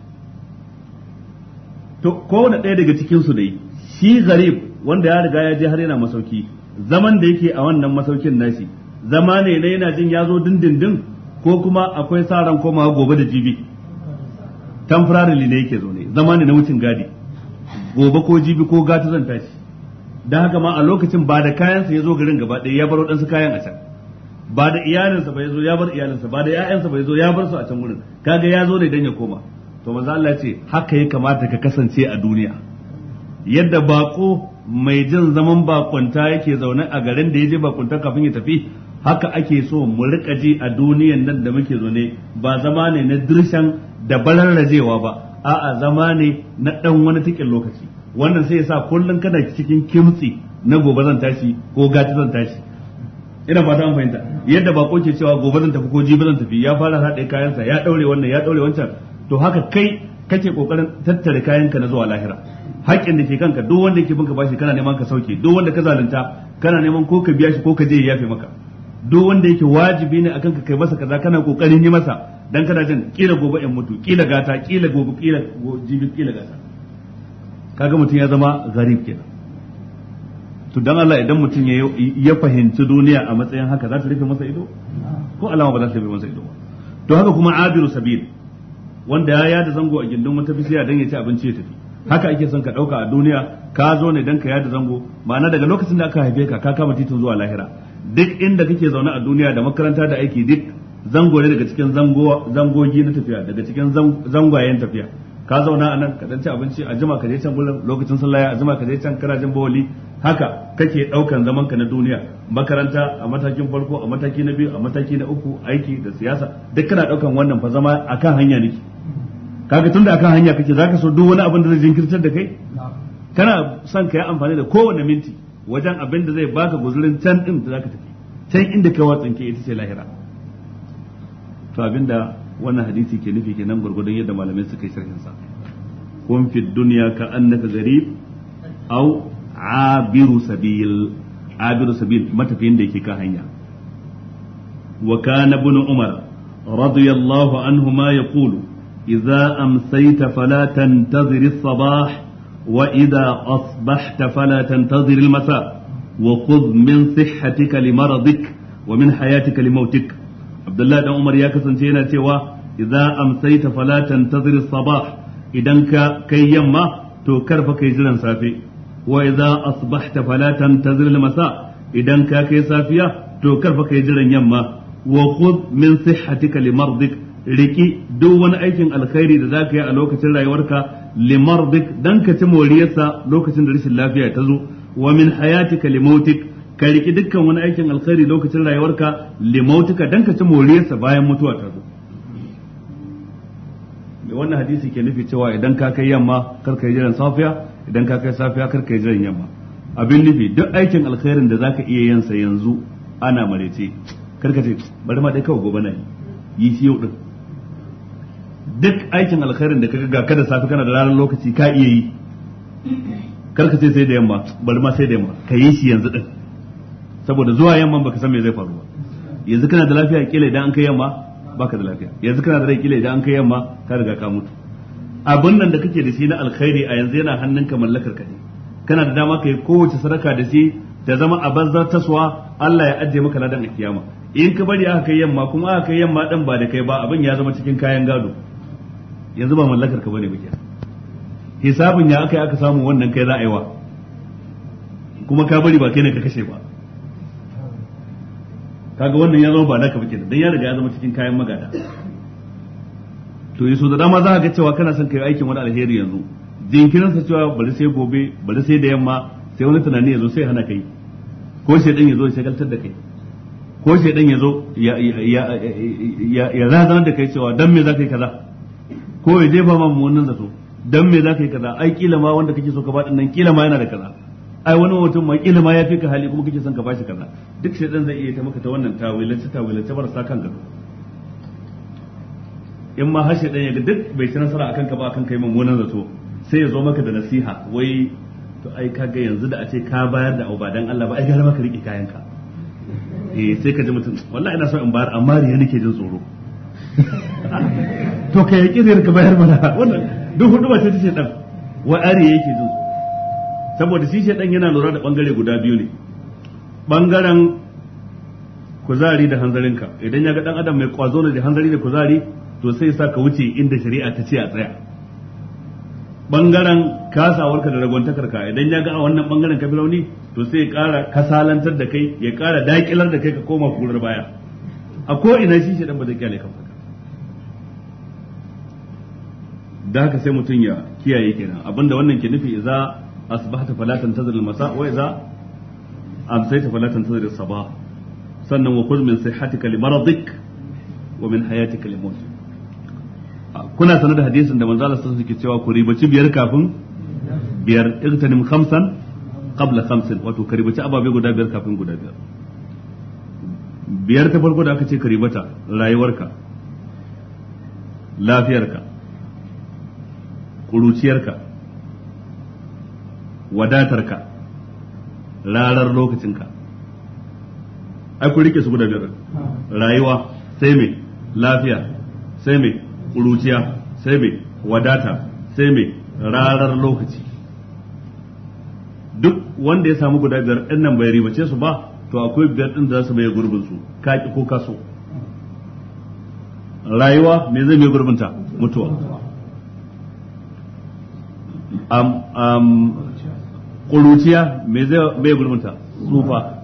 to wanda ɗaya daga cikin su dai shi garib wanda ya riga ya je har yana masauki zaman da yake a wannan masaukin nashi zama ne na yana jin ya zo dindindin ko kuma akwai sa ran komawa gobe da jibi temporarily ne yake zo zama ne na wucin gadi gobe ko jibi ko gata zan tashi don haka ma a lokacin ba da kayansa ya zo garin gaba ɗaya ya bar waɗansu kayan a can ba da iyalinsa ba ya zo ya bar iyalinsa ba da 'ya'yansa ba ya zo ya bar su a can wurin kaga ya zo ne dan ya koma to manzo Allah ce haka ya kamata ka kasance a duniya yadda bako mai jin zaman bakunta yake zaune a garin da ya je bakunta kafin ya tafi haka ake so mu rika ji a duniyan nan da muke zaune ba zama ne na dirshan da balarrajewa ba a'a zama ne na dan wani tikin lokaci wannan sai ya sa kullum kana cikin kimtsi na gobe zan tashi ko gata zan tashi ina fata an fahimta yadda bako ke cewa gobe zan tafi ko jibi zan tafi ya fara haɗe kayansa ya ɗaure wannan ya ɗaure wancan to haka kai kake kokarin tattare kayanka na zuwa lahira haƙƙin da ke kanka duk wanda yake binka bashi kana neman ka sauke duk wanda ka zalunta kana neman ko ka biya shi ko ka je ya yafe maka duk wanda yake wajibi ne akan ka kai masa kaza kana kokarin yi masa dan kana jin kila gobe in mutu kila gata kila gobe kila jibi kila gata kaga mutum ya zama garib kenan to dan Allah idan mutum ya ya fahimci duniya a matsayin haka za ta rufe masa ido ko alama ba za ta rufe masa ido ba to haka kuma abiru sabil wanda ya yada zango a gindin wata bisiya dan ya ci abinci ya tafi haka ake son ka dauka a duniya ka zo ne dan ka yada zango ma'ana daga lokacin da aka haife ka ka kama titin zuwa lahira duk inda kake zaune a duniya da makaranta da aiki duk zango ne daga cikin zangogi na tafiya daga cikin zangwayen tafiya ka zauna a nan ka dan ci abinci a jima ka je can gurin lokacin sallah a jima ka je can kana jin bawali haka kake daukan zaman ka na duniya makaranta a matakin farko a mataki na biyu a mataki na uku aiki da siyasa duk kana daukan wannan fa zama akan hanya ne kaga tunda akan hanya kake zaka so duk wani abin da zai jinkirtar da kai kana son ka yi amfani da kowane minti wajen abin da zai baka guzurin can din da zaka tafi can inda kai watsinke ita ce lahira to abinda wannan hadisi ke nufi kenan gurgudun yadda malamai suka yi sharhin sa kun fi duniya ka annaka gari aw abiru sabil abiru sabil matafiyin da yake ka hanya wa kana ibn umar radiyallahu anhu ma yaqulu idza amsayta fala tantazir as-sabah wa idza asbahta fala tantazir al-masa wa khudh min sihhatika li maradik wa min abdullahi dan umar ya kasance yana cewa idza amsayta fala tantazir sabah idan ka kai yamma to karfa kai jiran safe wa idza asbahta fala tantazir al idan ka kai safiya to karfa kai jiran yamma wa khudh min sihhatika limardik riki duk wani aikin alkhairi da zaka yi a lokacin rayuwarka limardik dan ka ci moriyarsa lokacin da rashin lafiya ta zo wa min hayatika limautik ka riki dukkan wani aikin alkhairi lokacin rayuwarka limautuka dan ka ci moriyarsa bayan mutuwa ta zo me wannan hadisi ke nufi cewa idan ka kai yamma kar ka yi jiran safiya idan ka kai safiya kar ka yi jiran yamma abin nufi duk aikin alkhairin da zaka iya yin sa yanzu ana marece kar ka ce bari ma dai kawai gobe na yi shi yau din duk aikin alkhairin da kaga ga kada safi kana da ranar lokaci ka iya yi kar ka ce sai da yamma bari ma sai da yamma ka yi shi yanzu din saboda zuwa yamma baka san me zai faru ba yanzu kana da lafiya kila idan an kai yamma baka da lafiya yanzu kana da rai kila idan an kai yamma ka riga ka mutu abin nan da kake da shi na alkhairi a yanzu yana hannunka mallakar ka ne kana da dama kai kowace sadaka da shi ta zama a banzar taswa Allah ya ajiye maka ladan a kiyama in ka bari aka kai yamma kuma aka kai yamma dan ba da kai ba abin ya zama cikin kayan gado yanzu ba mallakar ka bane ba hisabin ya aka yi aka samu wannan kai za a yi wa kuma ka bari ba kai ne ka kashe ba kaga wannan ya zama ba naka bake da, dan ya riga ya zama cikin kayan magada to yaso da dama za ka ga cewa kana son kai aikin wani alheri yanzu jinkirin sa cewa bari sai gobe bari sai da yamma sai wani tunani yazo sai hana kai ko dan yazo ya shagaltar da kai ko dan yazo ya ya ya ya razana da kai cewa dan me za ka yi kaza ko ya jefa ma mu wannan zato dan me za ka yi kaza ai kila ma wanda kake so ka ba din nan kila ma yana da kaza ai wani mutum mai ilima ya fi ka hali kuma kake son ka bashi kaza duk shi dan zai iya ta maka ta wannan tawilance tawilance marasa kan gaba in ma hashe dan ya ga duk bai ci nasara akan ka ba akan kai mummunan zato sai ya zo maka da nasiha wai to ai ka ga yanzu da a ce ka bayar da ubadan Allah ba ai ga maka rike kayan ka eh sai ka ji mutum wallahi ina so in bayar amma riya nake jin tsoro <laughs> to kai yaki ka bayar mana wannan duk hudu ba ce dan wa ari yake jin tsoro saboda shi ɗan yana lura da bangare guda biyu ne bangaren kuzari da hanzarinka idan ya ga dan adam mai kwazo ne da hanzari da kuzari to sai sa ka wuce inda shari'a ta ce a tsaya bangaren kasawarka da ragwantakarka idan ya ga a wannan bangaren ka rauni to sai ya kara kasalantar da kai ya kara dakilar da kai ka koma kurar baya a ko ina shi shedan ba zai kyale ka haka da haka sai mutum ya kiyaye kenan abinda wannan ke nufi za asbahta fala tantazir al-masa wa idza amsayta fala tantazir as-sabah sannan wa khudh min sihhatika li maradik wa min hayatika li mawt kuna sanar da hadisin da manzo Allah sallallahu alaihi cewa ku ribaci biyar kafin biyar igtanim khamsan qabla khamsin wato ka ribaci ababe guda biyar kafin guda biyar biyar ta farko da aka ce ka ribata rayuwarka lafiyarka kuruciyarka wadatarka rarar lokacinka ai ku rike su guda biyar rayuwa sai mai lafiya sai mai kuruciya sai mai wadata sai mai rarar lokaci duk wanda ya samu guda biyar ɗin nan bai ribace su ba to akwai biyar ɗin da za su maye gurbin su kaki ko kaso rayuwa me zai maye gurbinta mutuwa ƙuruciya me zai mai gurbinta tsufa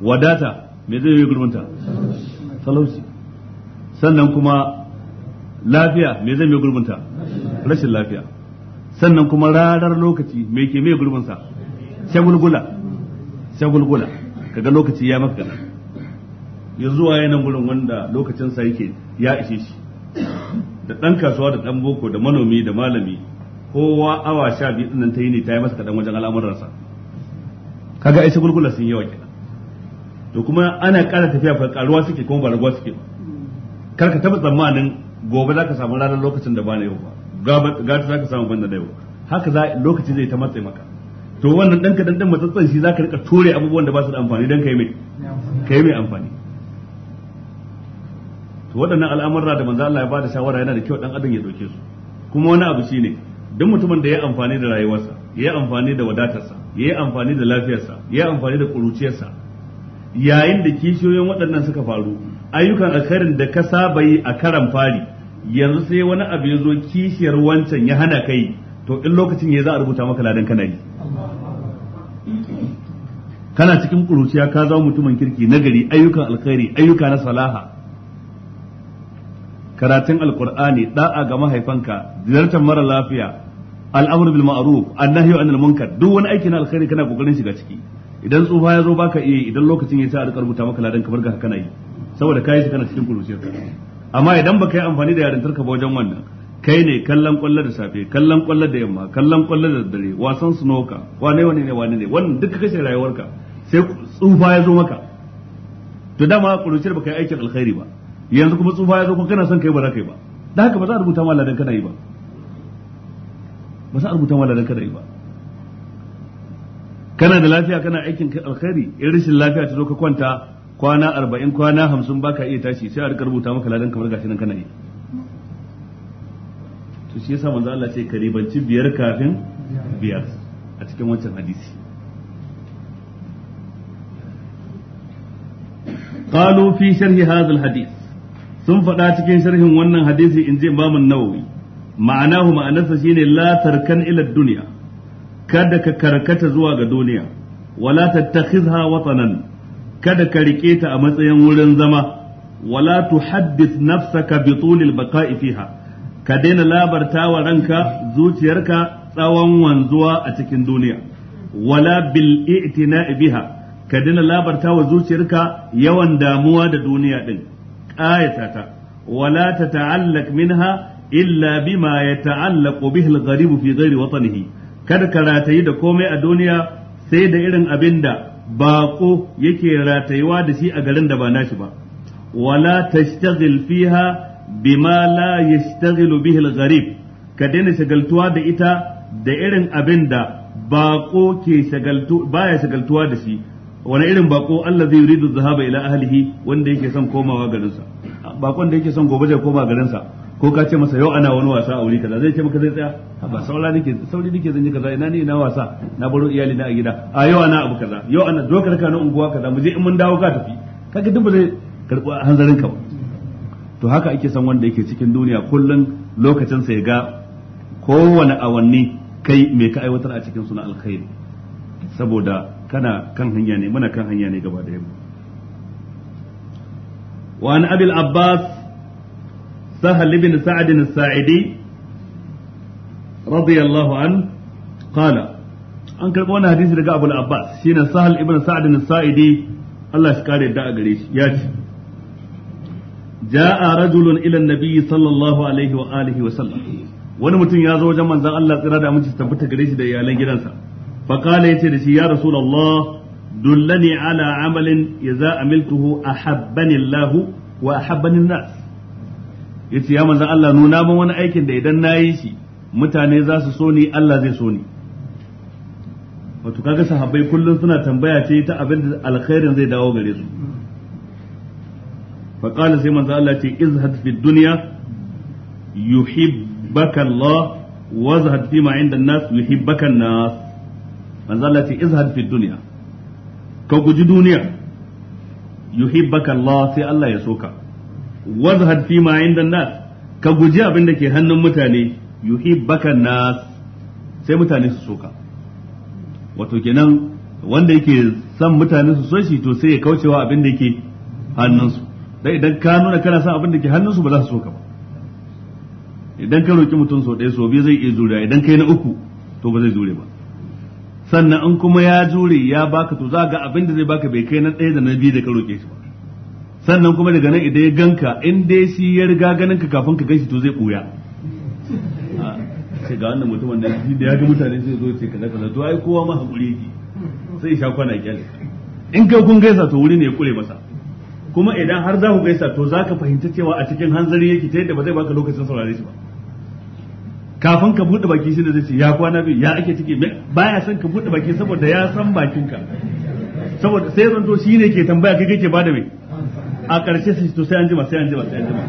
wadata me zai yi gurbinta talauci sannan kuma lafiya me zai mai gurbinta rashin lafiya sannan kuma rarar lokaci me ke mai gurbinsa shagulgula shagulgula kaga lokaci ya maka ya zuwa yanan gurin wanda lokacinsa yake ya ishe shi da ɗan kasuwa da ɗan boko da manomi da malami kowa awa sha biyu din nan ta yi ne ta yi masa kaɗan wajen al'amuransa kaga ai shagulgula sun yawa kenan to kuma ana ƙara tafiya fa ƙaruwa suke kuma ba raguwa suke kar ka taɓa tsammanin gobe za ka samu ranar lokacin da ba na yau ba ta za ka samu banda da yau haka za lokaci zai ta matse maka to wannan ɗan kaɗan ɗan matsatsan shi za ka rika tore abubuwan da ba su da amfani don ka yi mai ka yi mai amfani to waɗannan al'amurra da manzo Allah ya bada shawara yana da kyau ɗan adam ya ɗauke su kuma wani abu shine duk mutumin da ya amfani da rayuwarsa ya amfani da wadatarsa ya amfani da lafiyarsa ya amfani da kuruciyarsa yayin da kishiyoyin waɗannan suka faru ayyukan alkhairin da ka saba yi a karan fari yanzu sai wani abu ya zo kishiyar wancan ya hana kai to in lokacin ya za a rubuta maka ladan kana yi kana cikin ƙuruciya ka zama mutumin kirki nagari ayyukan alkhairi ayyuka na salaha karatun alqur'ani da'a ga mahaifanka ziyartar mara lafiya al'amru bil ma'ruf annahyu anil munkar duk wani aiki na alkhairi kana kokarin shiga ciki idan tsufa ya zo baka iya idan lokacin ya sa a rubuta maka ladan kamar ga kana yi saboda kai shi kana cikin kuruciyarka amma idan baka yi amfani da yarintarka ba wajen wannan kai ne kallon kwallo da safe kallon kwallo da yamma kallon kwallo da dare wasan snooker wane wane ne wane ne wannan duka kashe rayuwarka sai tsufa ya zo maka to dama kuruciyar baka yi aikin alkhairi ba yanzu kuma tsufa ya zo kuma kana son kai ba za ka yi ba da haka ba za a rubuta ma ladan kana yi ba ba za a rubuta ma ladan kana yi ba kana da lafiya kana aikin alkhairi in rashin lafiya ta zo ka kwanta kwana arba'in kwana hamsin ba ka iya tashi sai a rika rubuta maka ladan kamar gashi nan kana yi to shi yasa manzo Allah ce karibanci biyar kafin biyar a cikin wancan hadisi قالوا في شرح هذا الحديث sun faɗa cikin sharhin wannan hadisi in ji Imam Nawawi ma'anahu ma'anarsa shine la tarkan ila dunya kada ka karkata zuwa ga duniya wala tattakhizha watanan kada ka rike ta a matsayin wurin zama wala tuhaddith nafsaka bi tulil baqa'i fiha ka daina labarta wa ranka zuciyarka tsawon wanzuwa a cikin duniya wala bil i'tina'i biha ka daina labarta wa zuciyarka yawan damuwa da duniya din ayata ta wala tata'allaq minha illa bima yata'allaqu bihi al-gharib fi ghairi watanihi kada ka ratayi da komai a duniya sai da irin abin da baƙo yake ratayuwa da shi a garin da ba nashi ba wala tashtagil fiha bima la yashtaghilu bihi al-gharib ka daina shagaltuwa da ita da irin abin da baƙo ke shagaltu baya shagaltuwa da shi wani irin bako Allah zai yuridu zahaba ila ahlihi wanda yake son komawa garinsa bakon da yake son gobe zai koma garinsa ko ka ce masa yau ana wani wasa a wuri kaza zai ce maka zai tsaya ba saura nake sauri nake zan yi kaza ina ne na wasa na baro iyali na a gida a yau ana abu kaza yau ana zo karka na unguwa kaza mu je in mun dawo ka tafi kaga duk ba zai karbi hanzarin ka to haka ake son wanda yake cikin duniya kullun lokacin sa ya ga kowane awanni kai me ka aiwatar a cikin sunan alkhairi saboda kana kan hanya ne muna kan hanya ne gaba da yamma wa an abil abbas sahal ibn sa'd as-sa'idi radiyallahu an qala an karɓo wani hadisi daga abul abbas shine sahal ibn sa'd as-sa'idi Allah shi kare da a gare shi ya ce ja'a rajulun ila an-nabi sallallahu alaihi wa alihi wa sallam wani mutum ya zo wajen manzon Allah tsira da miji tabbata gare shi da iyalan gidansa فقال يتي يا رسول الله دلني على عمل إذا عملته أحبني الله وأحبني الناس yace ya manzan Allah nuna min wani aikin da idan na yi shi mutane za su so ni Allah zai so ni wato kaga sahabbai kullum suna tambaya ce ta abin da alkhairin zai dawo gare su fa qala sai manzan Allah ce izhad fi dunya yuhibbaka Allah wa zahad fi ma inda nas yuhibbaka nas manzo Allah ce izhad fi dunya ka guji duniya yuhibbaka Allah sai Allah ya soka wazhad fi ma inda nas ka guji abin da ke hannun mutane yuhibbaka nas sai mutane su soka wato kenan wanda yake son mutane su so shi to sai ya kaucewa abin da yake hannunsu dai idan ka nuna kana son abin da ke hannunsu ba za su soka ba idan ka roki mutum so ɗaya so biyu zai iya juriya idan kai na uku to ba zai jure ba sannan in kuma ya jure ya baka to za ga abin da zai baka bai kai na ɗaya da na biyu da ka roƙe shi ba sannan kuma daga nan idan ya ganka in dai shi ya riga ganin ka kafin ka ganshi to zai ɓuya ah, sai ga wannan mutumin da shi da ya ga mutane sai zo ce kaza kaza to ai kowa ma hakuri yake sai ya sha kwana kyale in kai kun gaisa to wuri ne ya kure masa kuma idan har za ku gaisa to za ka fahimta cewa a cikin hanzari yake ta yadda ba zai baka lokacin saurare shi ba kafin ka bude baki shi da zai ce ya kwana biyu ya ake ciki baya son ka bude baki saboda ya san bakinka saboda sai zan shi ne ke tambaya kai kake bada mai a ƙarshe sai to sai an jima sai an jima sai an jima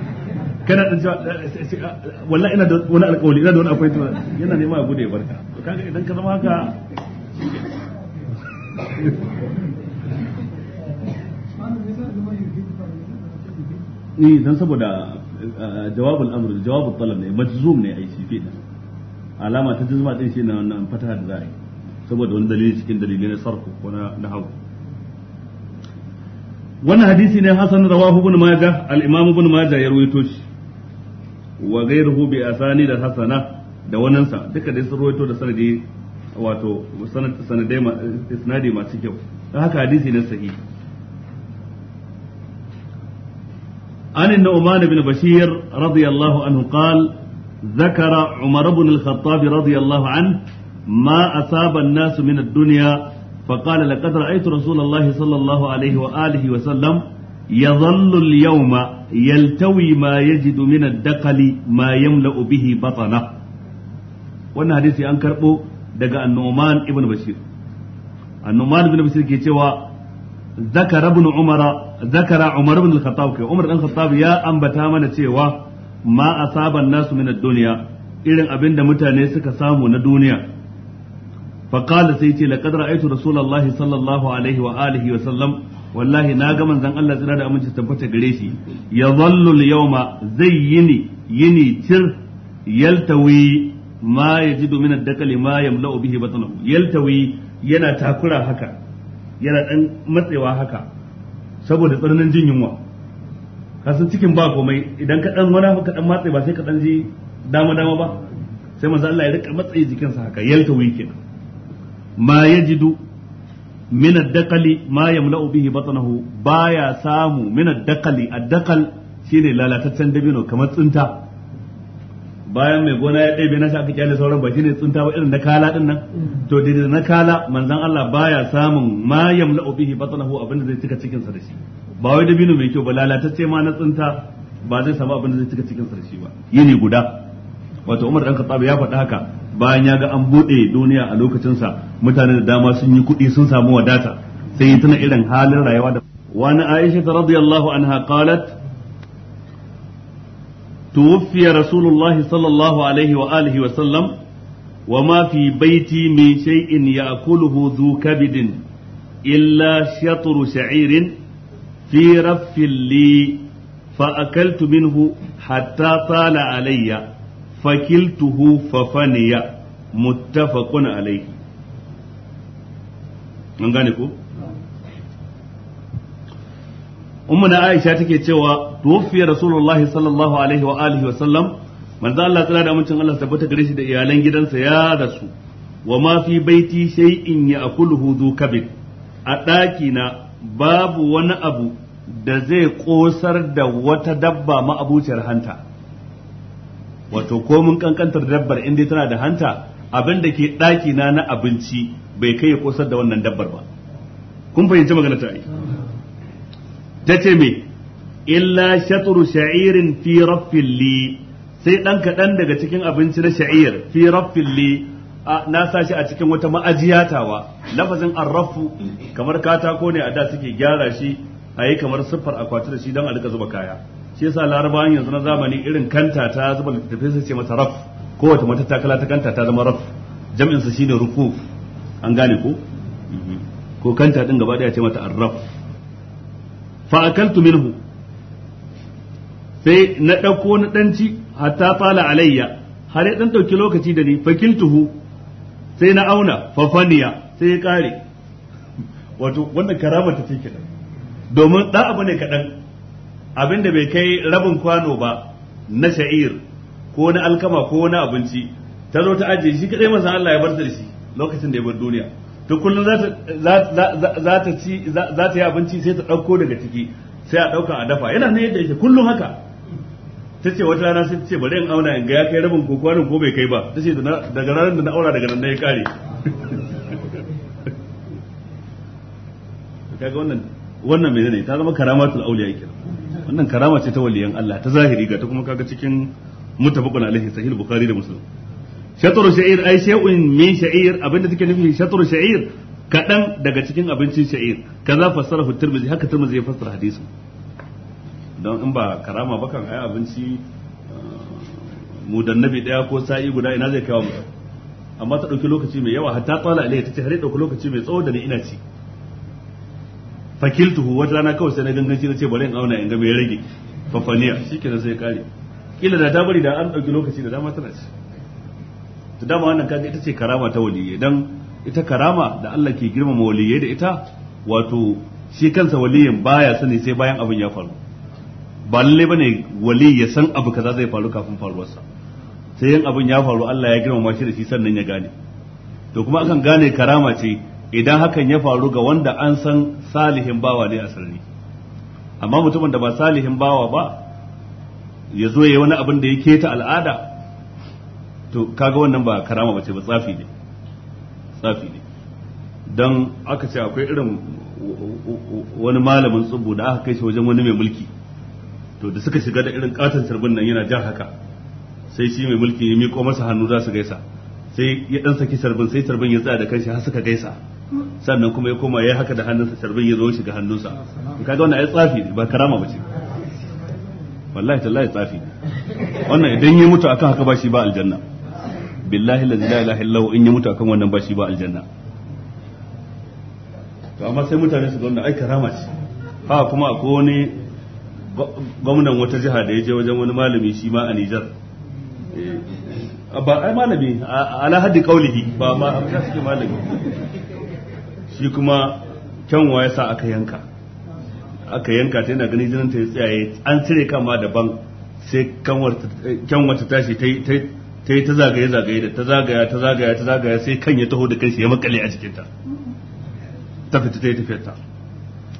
kana dan cewa eh, eh, eh, wallahi ina da wani alƙawari ina da wani akwai yana nema ya gude ya barka kaga idan ka zama haka ni <laughs> dan saboda jawabul amr jawabul talab ne majzum ne ai shi fi alama ta jizma din na wannan fataha da za a yi saboda wani dalili cikin dalilai na sarfu ko na nahwu wannan hadisi ne hasan rawahu ibn majah al-imam ibn majah ya rawaito shi wa ghayruhu bi asani da hasana da wanansa duka dai sun rawaito da sanadi wato sanad sanadai isnadi masu kyau dan haka hadisi ne sahihi An annu umar ibn bashir radiyallahu anhu qala ذكر عمر بن الخطاب رضي الله عنه ما أصاب الناس من الدنيا فقال لقد رأيت رسول الله صلى الله عليه وآله وسلم يظل اليوم يلتوي ما يجد من الدقل ما يملأ به بطنه وانا حديثي أن كربو دقاء النعمان ابن بشير النعمان ابن بشير كي ذكر ابن عمر ذكر عمر بن الخطاب كي عمر بن الخطاب يا أنبتا من تيوه ma a saban nasu min duniya irin abin da mutane suka samu na duniya faqala sai ce laqad ra'aytu rasulullahi sallallahu alaihi wa alihi wa sallam wallahi na ga manzon Allah tsira da aminci tabbata gare shi ya zallu al-yawma zai yini cir. yaltawi ma yajidu min ad-dakali ma yamla'u bihi batnahu yaltawi yana takura haka yana dan matsewa haka saboda tsananin jin yunwa kasan cikin ba komai idan ka dan wani ka dan matsayi ba sai ka dan ji dama dama ba sai manzo Allah ya rika matsayi jikinsa haka yalta wiki ma yajidu min ad-daqali ma yamla'u bihi batnahu baya samu min ad-daqali ad-daqal shine lalataccen dabino kamar tsinta bayan mai gona ya ɗebe na shi aka kyale sauran ba shine tsinta ba irin na kala din nan to da na kala manzon Allah baya samun ma yamla'u bihi batnahu abinda zai cika sa da shi ba wai dabino mai kyau ba lalatacce ma na tsinta ba zai samu abin da zai cika cikin sarki ba yini guda wato Umar dan Khattab ya faɗa haka bayan ya ga an bude duniya a lokacinsa mutane da dama sun yi kuɗi sun samu wadata sai ya tuna irin halin rayuwa da wani Aisha radiyallahu anha qalat توفي رسول الله صلى الله عليه وآله وسلم وما في بيتي من شيء يأكله ذو كبد إلا شطر شعير fi raffin li fa akaltu minhu hatta tala alayya fakiltuhu fa faniya muttafaqun alayhi mun gane ko ummu na aisha take cewa tuwfiya rasulullahi sallallahu alaihi wa sallam manzo Allah tsara da amincin Allah tabbata gare shi da iyalan gidansa ya rasu wa ma fi baiti shay'in ya'kuluhu dhu kabin, a ɗaki na babu wani abu da zai kosar da wata dabba ma'abuciyar hanta wato komin mun kankantar dabbar inda tana da hanta abin da ke ɗaki na na abinci bai kai ya kosar da wannan dabbar ba kun fahimci magana ta yi ta ce me illa shatru sha'irin fi raffin li sai ɗan kaɗan daga cikin abinci na sha'ir fi raffin li na sashi a cikin wata ma'ajiya tawa lafazin arrafu kamar katako ne a da suke gyara shi a yi kamar siffar akwati da shi don a rika zuba kaya shi yasa larabawan yanzu na zamani irin kanta ta zuba littattafai sai ce mata raf kowace mata takala ta kanta ta zama raf jam'in su shine ruku an gane ko mhm. ko kanta din gaba daya ce mata arraf fa akaltu minhu sai na dauko na danci hatta fala alayya har ya dan dauki lokaci da ni fakiltuhu sai na auna fafaniya sai ya kare wato wannan karama ta ce kenan domin da abu ne kaɗan abinda bai kai rabin kwano ba na sha'ir ko na alkama ko na abinci ta zo ta ajiye shi kadai masa Allah ya bar shi lokacin da ya bar duniya to kullum za ta ci za ta yi abinci sai ta ɗauko daga ciki sai a ɗauka a dafa yana ne yadda yake kullum haka ta ce wata rana sai ce bari in auna in ga ya kai rabin ko kwanin ko bai kai ba ta ce daga ranar da na aura daga nan na ya kare kaga wannan wannan mai ne ta zama karamatul auliya kenan wannan karama ce ta waliyan Allah ta zahiri ga ta kuma kaga cikin mutabaqun alaihi sahih bukhari da muslim shatru sha'ir ai shay'un min sha'ir abinda take nufi shatru sha'ir kadan daga cikin abincin sha'ir kaza fassara tirmidhi haka tirmidhi ya fassara hadisin don in ba karama ba kan ai abinci eh, mu nabi daya ko sa'i guda ina zai kawo mu amma ta dauki lokaci mai yawa hatta tsala alai tace ce har dauki lokaci mai tsawo da ni ina ci fakiltuhu wata rana kawai sai na ganganci na ce bari in auna in ga mai rage fafaniya shikenan sai kare kila da ta bari da an dauki lokaci da dama tana ci to dama wannan kaga ita ce karama ta waliyyi dan ita karama da Allah ke girmama waliyyai da ita wato shi kansa waliyin baya sani sai bayan abin ya faru ba lalle bane wali ya san abu kaza zai faru kafin faruwarsa sai yin abin ya faru Allah ya girmama shi da shi sannan ya gane to kuma akan gane karama ce idan hakan ya faru ga wanda an san salihin bawa ne a sirri. amma mutumin da ba salihin bawa ba ya zo ya wani abin da ya keta al'ada to kaga wannan ba karama ba ce ba tsafi ne tsafi ne don aka ce akwai irin wani malamin tsubu da aka kai shi wajen wani mai mulki to da suka shiga da irin katon sarbin nan yana jan haka sai shi mai mulki ya miko masa hannu za su gaisa sai ya dan saki sarbin sai sarbin ya tsaya da kanshi har suka gaisa sannan kuma ya koma ya haka da hannunsa sarbin ya zo shiga hannunsa kaga wannan ai tsafi ba karama bace wallahi tallahi tsafi wannan idan ya mutu akan haka ba shi ba aljanna billahi la ilaha illallah in ya mutu akan wannan ba shi ba aljanna to amma sai mutane su ga wannan ai karama ce ha kuma akwai wani gwamnan wata jiha da ya je wajen wani malami shi ma a Nijar eh, ba ai malami ala haddi kaulihi ba ma abin suke malami shi kuma kyanwa ya sa aka yanka aka yanka ta yana ganin jinin ta ya tsaye an cire kama daban sai kyanwa ta tashi ta yi ta zagaye zagaye da ta zagaya ta zagaya ta zagaya sai kan ya taho da shi ya makale a jikinta ta fita ta yi tafiyarta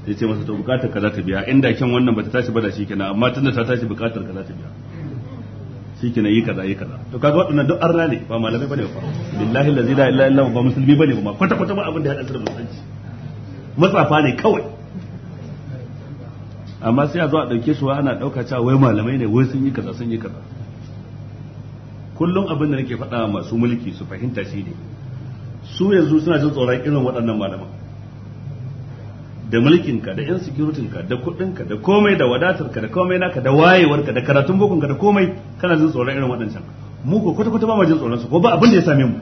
sai ce masa to bukatar ka za ta biya inda kyan wannan bata tashi ba da shikenan amma tunda ta tashi bukatar ka za ta biya shikenan yi kaza yi kaza to kaga waɗannan duk arna ne ba malamai bane ba billahi allazi la ilaha illa ba musulmi bane ba kwata kwata ba abin da ya hada da musulunci matsafa ne kawai amma sai a zo a dauke su ana dauka cewa wai malamai ne wai sun yi kaza sun yi kaza kullum abin da nake faɗa masu mulki su fahimta shi ne su yanzu suna jin tsoron irin waɗannan malaman da mulkin ka da yan ka da ka da komai da wadatar ka da komai naka da wayewar ka da karatun ka da komai kana jin tsoron irin waɗancan mu ko kwata kwata ba mu jin tsoron su ko ba abin da ya same mu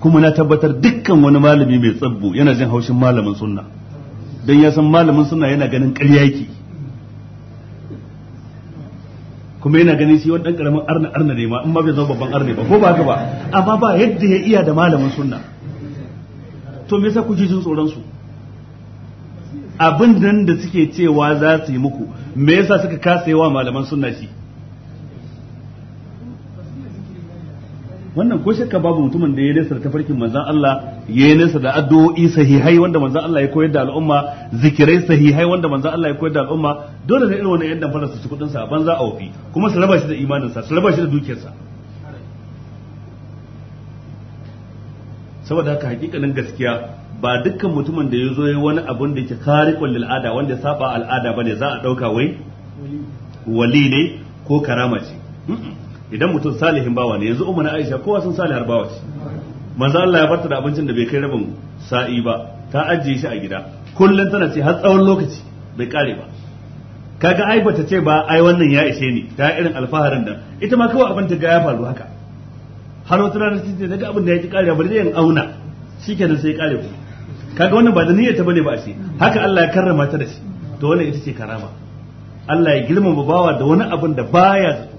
kuma na tabbatar dukkan wani malami mai tsabbu yana jin haushin malamin sunna dan ya san malamin sunna yana ganin ƙarya yake kuma yana ganin shi wani dan karamin arna arna ne ma in ma bai zama babban arna ba ko ba haka ba amma ba yadda ya iya da malamin sunna to me yasa kuke jin tsoron su abin nan da suke cewa za su yi muku me yasa suka kasa yawa malaman sunna shi wannan ko shakka babu mutumin da ya nesa da tafarkin manzan Allah ya nesa da addu'o'i sahihai wanda manzan Allah ya koyar da al'umma zikirai sahihai wanda manzan Allah ya koyar da al'umma dole ne irin wannan yadda fara su ci kudin sa banza a wofi kuma su raba shi da imanin sa su raba shi da dukiyar saboda haka hakikanin gaskiya ba dukkan mutumin da ya zo ya wani abun da ke kharikul lil ada wanda saba al'ada bane za a dauka wai wali ne ko karama ce idan mutum salihin bawa ne yanzu ummu Aisha kowa sun salih bawa ce manzo Allah ya farta da abincin da bai kai rabin sa'i ba ta ajiye shi a gida kullum tana ce har tsawon lokaci bai kare ba kaga ai bata ce ba ai wannan ya ishe ni ta irin alfaharin da ita ma kawai abin ta ga ya faru haka har wata ranar sai sai daga abin da ya ki kare bari zai auna shikenan sai ya kare ku kaga wannan ba da niyyar ta bane ba ce. haka Allah ya karrama ta da shi to wannan ita ce karama Allah ya girmama bawa da wani abin da baya zato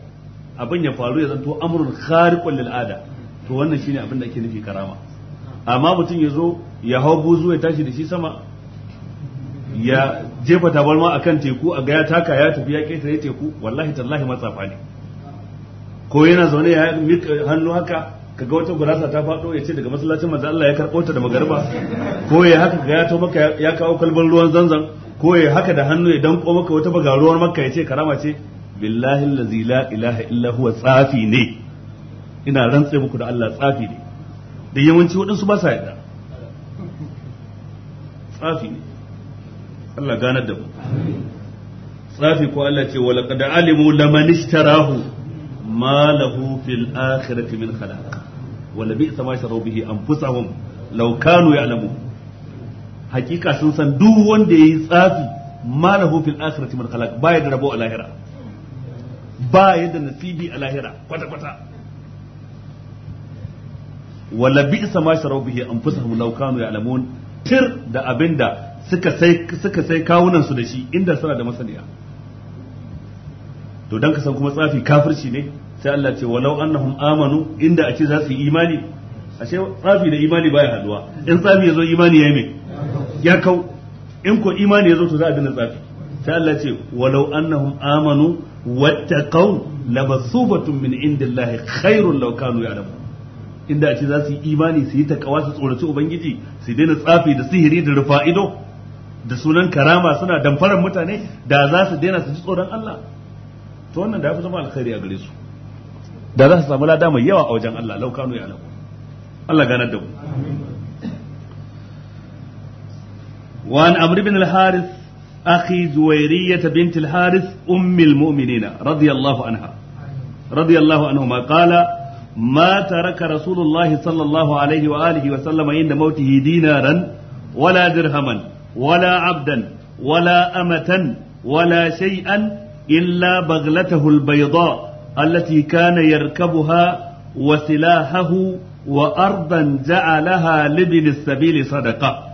abin ya faru ya zanto amrun khariqul lil ada to wannan shine abin da ake nufi karama amma mutum ya zo ya hau buzu ya tashi da shi sama ya jefa tabarma akan teku a ga ya taka ya tafi ya ketare teku wallahi tallahi matsafa ne ko yana zaune ya miƙa hannu haka kaga wata gurasa ta faɗo ya ce daga masallacin manzo Allah ya karɓo ta da magarba ko ya haka ga ya to maka ya kawo kalban ruwan zanzan ko ya haka da hannu ya danko maka wata ruwan makka ya ce karama ce billahi allazi la ilaha illa huwa tsafi ne ina rantse muku da Allah tsafi ne da yawanci waɗansu ba sa yarda tsafi ne Allah ganar da mu tsafi ko Allah ce wala qad alimu laman ما له في الآخرة من خلاق ولبئس ما شروا به أنفسهم لو كانوا يعلمون حقيقة سنسان دو وان دي صافي ما له في الآخرة من خلاق با يدربو على هرا با يد نسيبي على هرا قطع قطع ولبئس ما شروا به أنفسهم لو كانوا يعلمون تر da abinda suka sai suka sai kawunan su da shi inda suna da masaniya to dan ka san kuma tsafi kafirci ne sai Allah ce walau annahum amanu inda a ce za su yi imani ashe tsafi da imani baya haduwa in tsafi ya zo imani ya yi me ya kau in ko imani ya zo to za a dina tsafi sai Allah ce walau annahum amanu wattaqau lamathubatun min indillahi khairun law kanu ya'lamun inda a ce za su yi imani su yi takawa su tsoraci ubangiji su daina tsafi da sihiri da rufa ido da sunan karama suna damfarar mutane da za su daina su ji tsoron Allah to wannan da ya fi zama alkhairi a gare su da za su samu lada mai yawa a wajen Allah lau kanu ya Allah ganar da mu وعن عمرو بن الحارث أخي زويرية بنت الحارث أم المؤمنين رضي الله عنها رضي الله عنهما قال ما ترك رسول الله صلى الله عليه وآله وسلم عند موته دينارا ولا درهما ولا عبدا ولا أمة ولا شيئا إلا بغلته البيضاء التي كان يركبها وسلاحه وأرضا جعلها لبن السبيل صدقة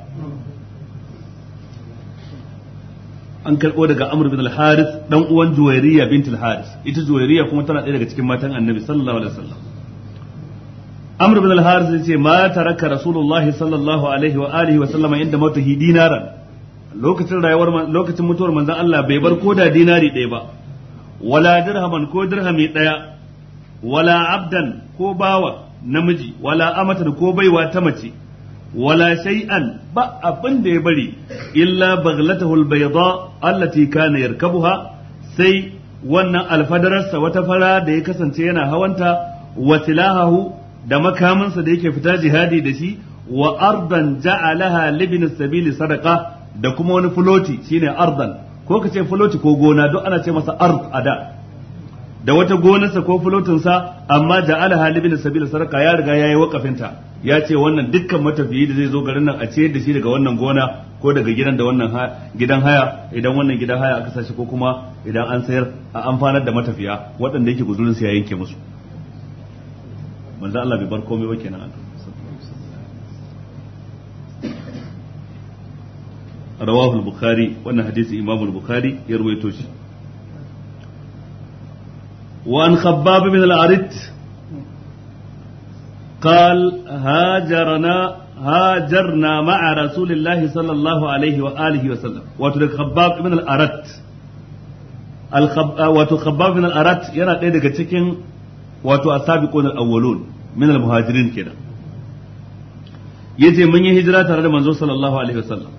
an karɓo daga Amr bin al-Haris dan uwan Juwairiya bint al-Haris ita Juwairiya kuma tana ɗaya daga cikin matan Annabi sallallahu alaihi wasallam Amr bin al-Haris yace ma taraka Rasulullahi sallallahu alaihi wa alihi inda mawtihi dinaran lokacin rayuwar lokacin mutuwar manzon Allah bai bar koda dinari ɗaya ba wala dirhaman ko dirhami ɗaya, wala abdan ko bawa namiji wala amatan ko baiwa ta mace wala shay'an ba abin da ya bari illa baghlatahu albayda allati kana yarkabuha sai wannan alfadararsa wata fara da ya kasance yana hawanta wa tilahahu da makaminsa da yake fita jihadi da shi wa ardan ja'alaha libin sabili sadaqa da kuma wani fuloti shine ardan ko ka ce fuloti ko gona duk ana ce masa ard a da da wata gonarsa ko fulotinsa amma halibi da sabila sarka ya riga yayi wakafinta ya ce wannan dukkan matafiyi da zai zo garin nan a ce da shi daga wannan gona ko daga gidan da wannan gidan haya idan wannan gidan haya aka sashi ko kuma idan an sayar a amfanar da matafiya waɗanda yake guzurin sai ya yanke musu manzo Allah bai bar komai ba kenan rawahu al-bukhari wannan hadisi imamu al-bukhari ya ruwaito shi wa قال هاجرنا هاجرنا مع رسول الله صلى الله عليه وسلم خباب wato khabbab bin al-arat yana ɗaya daga cikin wato asabiqun al-awwalun min al-muhajirin kenan yace mun yi hijira tare da manzo sallallahu alaihi wasallam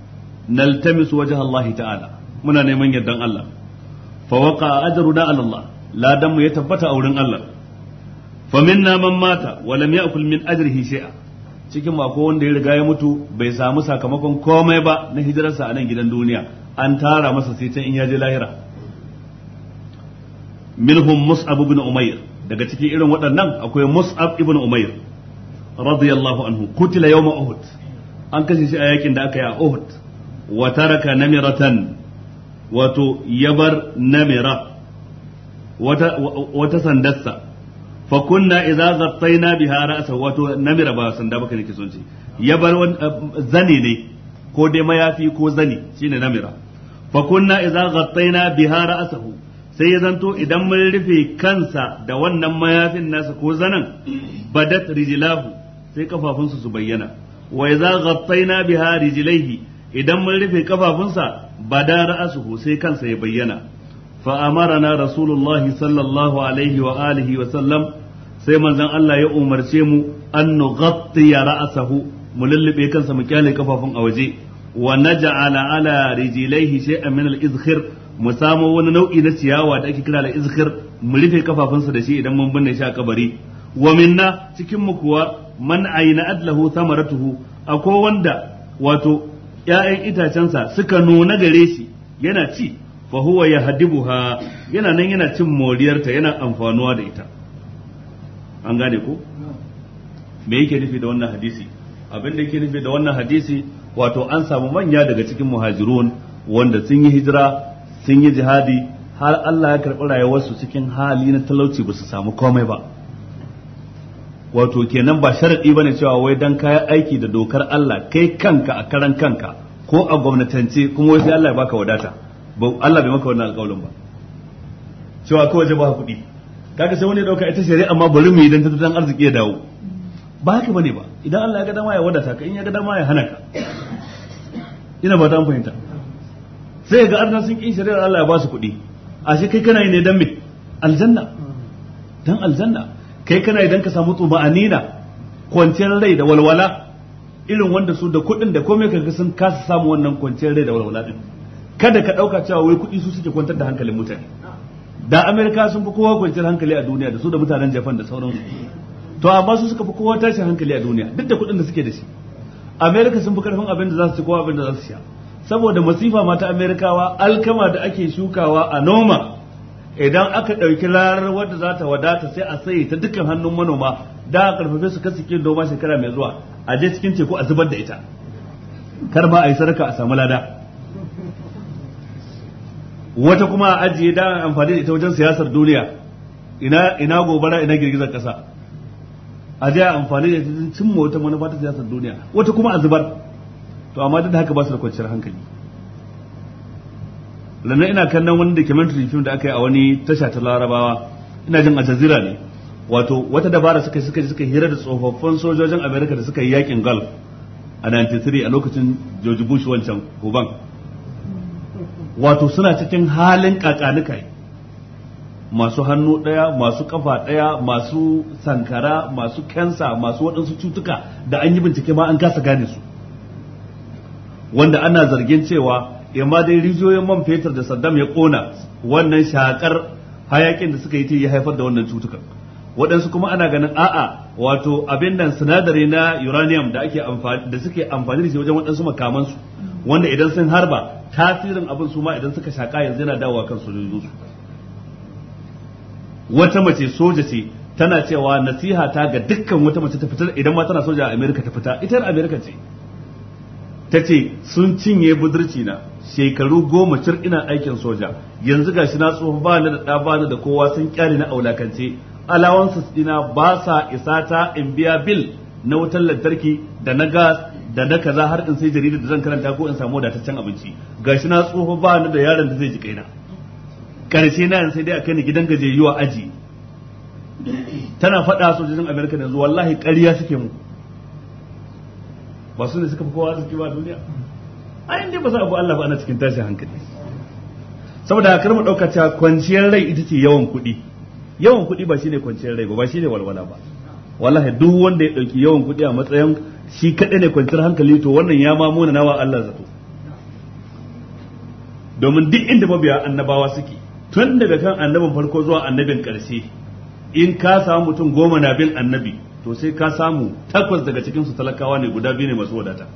naltamisu wajha Allah ta'ala muna neman yardan Allah fa a ajruna ala Allah ladan mu ya tabbata a wurin Allah fa minna man mata wa a ya'kul min ajrihi cikin mako wanda ya riga ya mutu bai samu sakamakon komai ba na hijirarsa a nan gidan duniya an tara masa sai can in ya je lahira minhum mus'ab ibn umayr daga cikin irin waɗannan akwai mus'ab ibn umayr radiyallahu anhu kutila yawma uhud an kashe shi a yakin da aka yi a uhud wa taraka namiratan wato yabar namira wata wata sandarsa fa kunna idza zattaina wato namira ba sanda baka ne kisonci yabar eh, zane ne ko dai mayafi ko shine namira sai ya zanto idan mun rufe kansa da wannan mayafin nasa ko zanen badat rijilahu sai kafafunsu su bayyana wa idza ghattaina biha rijlaihi idan mun rufe kafafunsa bada ra'asuhu sai kansa ya bayyana fa amarana rasulullahi sallallahu alaihi wa alihi wa sallam sai manzon Allah ya umarce mu an ra'asahu mu lullube kansa mu kyale kafafun a waje wa naj'ala ala rijlaihi shay'an min al-izkhir mu samo wani nau'i na ciyawa da ake kira da izkhir mu rufe kafafunsa da shi idan mun binne shi a kabari wa minna cikin mu kuwa man ayna adlahu thamaratuhu akwai wanda wato 'ya'yan itacensa suka nuna gare shi yana ci fa huwa yahdibuha yana nan yana cin moriyarta yana amfanuwa da ita an gane ko me yake nufi da wannan hadisi abin da yake nufi da wannan hadisi wato an samu manya daga cikin muhajirun wanda sun yi hijira sun yi jihadi har Allah ya karɓi rayuwarsu cikin hali na talauci ba su samu komai ba wato kenan ba sharadi bane cewa wai dan kayi aiki da dokar Allah kai kanka a karan kanka ko a gwamnatance kuma wai sai Allah ya baka wadata ba Allah bai maka wannan alƙawarin ba cewa kawai zai baka kuɗi kaga sai wani ya dauka ita shari'a amma bari mu yi dan tattalin arziki ya dawo ba haka bane ba idan Allah ya ga dama ya wadata ka in ya ga dama ya hana ka ina ba ta an fahimta sai ga arna sun kin shari'ar Allah ya ba su kuɗi ashe kai kana yi ne dan me aljanna dan aljanna kai kana idan ka samu nina kwanciyar rai da walwala irin wanda su da kuɗin da komai ka sun kasa samu wannan kwanciyar rai da walwala din kada ka ɗauka cewa wai kuɗi su suke kwantar da hankalin mutane da amerika sun fi kowa kwanciyar hankali a duniya da su da mutanen japan da sauransu to amma su suka fi kowa tashin hankali a duniya duk da kuɗin da suke da shi amerika sun fi karfin abin da za su ci kowa abin da za su sha saboda masifa mata amerikawa alkama da ake shukawa a noma idan aka ɗauki larar wadda za ta wadata sai a sai ta dukkan hannun manoma da a karfafe su kasu kin noma shekara mai zuwa a je cikin teku a zubar da ita kar ma a yi sarka a samu lada wata kuma a ajiye da amfani da ita wajen siyasar duniya ina ina gobara ina girgizar kasa a je amfani da ita cimma wata manufa ta siyasar duniya wata kuma a zubar to amma duk da haka ba su da kwanciyar hankali lannan ina kallon wani documentary film da aka yi a wani tasha ta larabawa ina jin a jazira ne wato wata dabara suka suka suka hira da tsofaffin sojojin america da suka yi yakin gulf a 93 a lokacin george bush wancan kuban wato suna cikin halin kakanuka masu hannu ɗaya masu kafa ɗaya masu sankara masu kensa masu waɗansu cutuka da an yi bincike ma an kasa gane su wanda ana zargin cewa imma dai rijiyoyin man fetur da Saddam ya kona wannan shakar hayakin da suka yi ta ya haifar da wannan cutuka waɗansu kuma ana ganin a'a wato abin nan sinadari na uranium da ake amfani da suke amfani da shi wajen waɗansu makamansu wanda idan sun harba tasirin abin su ma idan suka shaka yanzu yana dawowa kan su wata mace soja ce tana cewa nasiha ta ga dukkan wata mace ta fitar idan ma tana soja a Amerika ta fita ita Amerika ce ta ce sun cinye budurci na shekaru goma cir ina aikin soja yanzu gashi na tsofa ba ni da ɗa ba ni da kowa sun kyale na aulakance alawansu dina ba sa isa ta in biya bil na wutar lantarki da na gas da na kaza har in sai jaridar da zan karanta ko in samu wadataccen abinci gashi na tsofa ba ni da yaron da zai ji kaina karshe na sai dai a kai ni gidan gaje yiwa aji tana faɗa sojojin amerika yanzu wallahi ƙarya suke muku ba su ne suka fi kowa arziki ba a duniya A dai ba su a Allah ba ana cikin tashin hankali saboda a karmar ɗauka cewa kwanciyar rai ita ce yawan kuɗi yawan kuɗi ba shine kwanciyar rai ba ba shine walwala ba wallahi duk wanda ya ɗauki yawan kuɗi a matsayin shi kaɗai ne kwanciyar hankali to wannan ya ma muna nawa Allah zato domin duk inda mabiya annabawa suke tun daga kan annabin farko zuwa annabin ƙarshe in ka samu mutum goma na bin annabi to sai ka samu takwas daga cikin su talakawa ne guda biyu ne masu wadata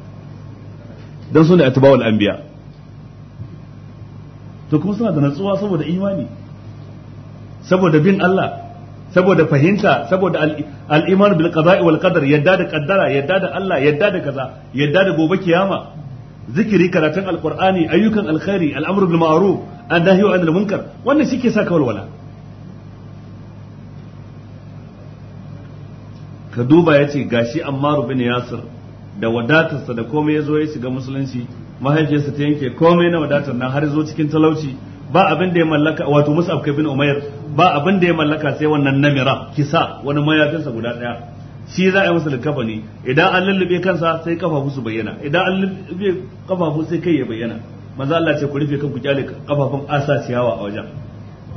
dan su ne atba'ul anbiya to kuma suna da natsuwa saboda imani saboda bin Allah saboda fahimta saboda al-iman bil qada'i wal qadar yadda da qaddara yadda da Allah yadda da kaza yadda da gobe kiyama zikiri karatun alqur'ani ayyukan alkhairi al'amru bil ma'ruf an-nahyu 'anil munkar wannan shi ke saka walwala ka duba ya ce gashi amma bin yasir da wadatarsa da komai ya zo ya shiga musulunci mahaifiyarsa ta yanke komai na wadatar na har zo cikin talauci ba abin da ya mallaka wato musab bin umayar ba abin da ya mallaka sai wannan namira kisa wani mayafinsa guda daya shi za a yi masa likafa ne idan an lullube kansa sai kafafu su bayyana idan an lullube kafafu sai kai ya bayyana maza Allah ce ku rufe kanku kyale kafafun asa ciyawa a wajen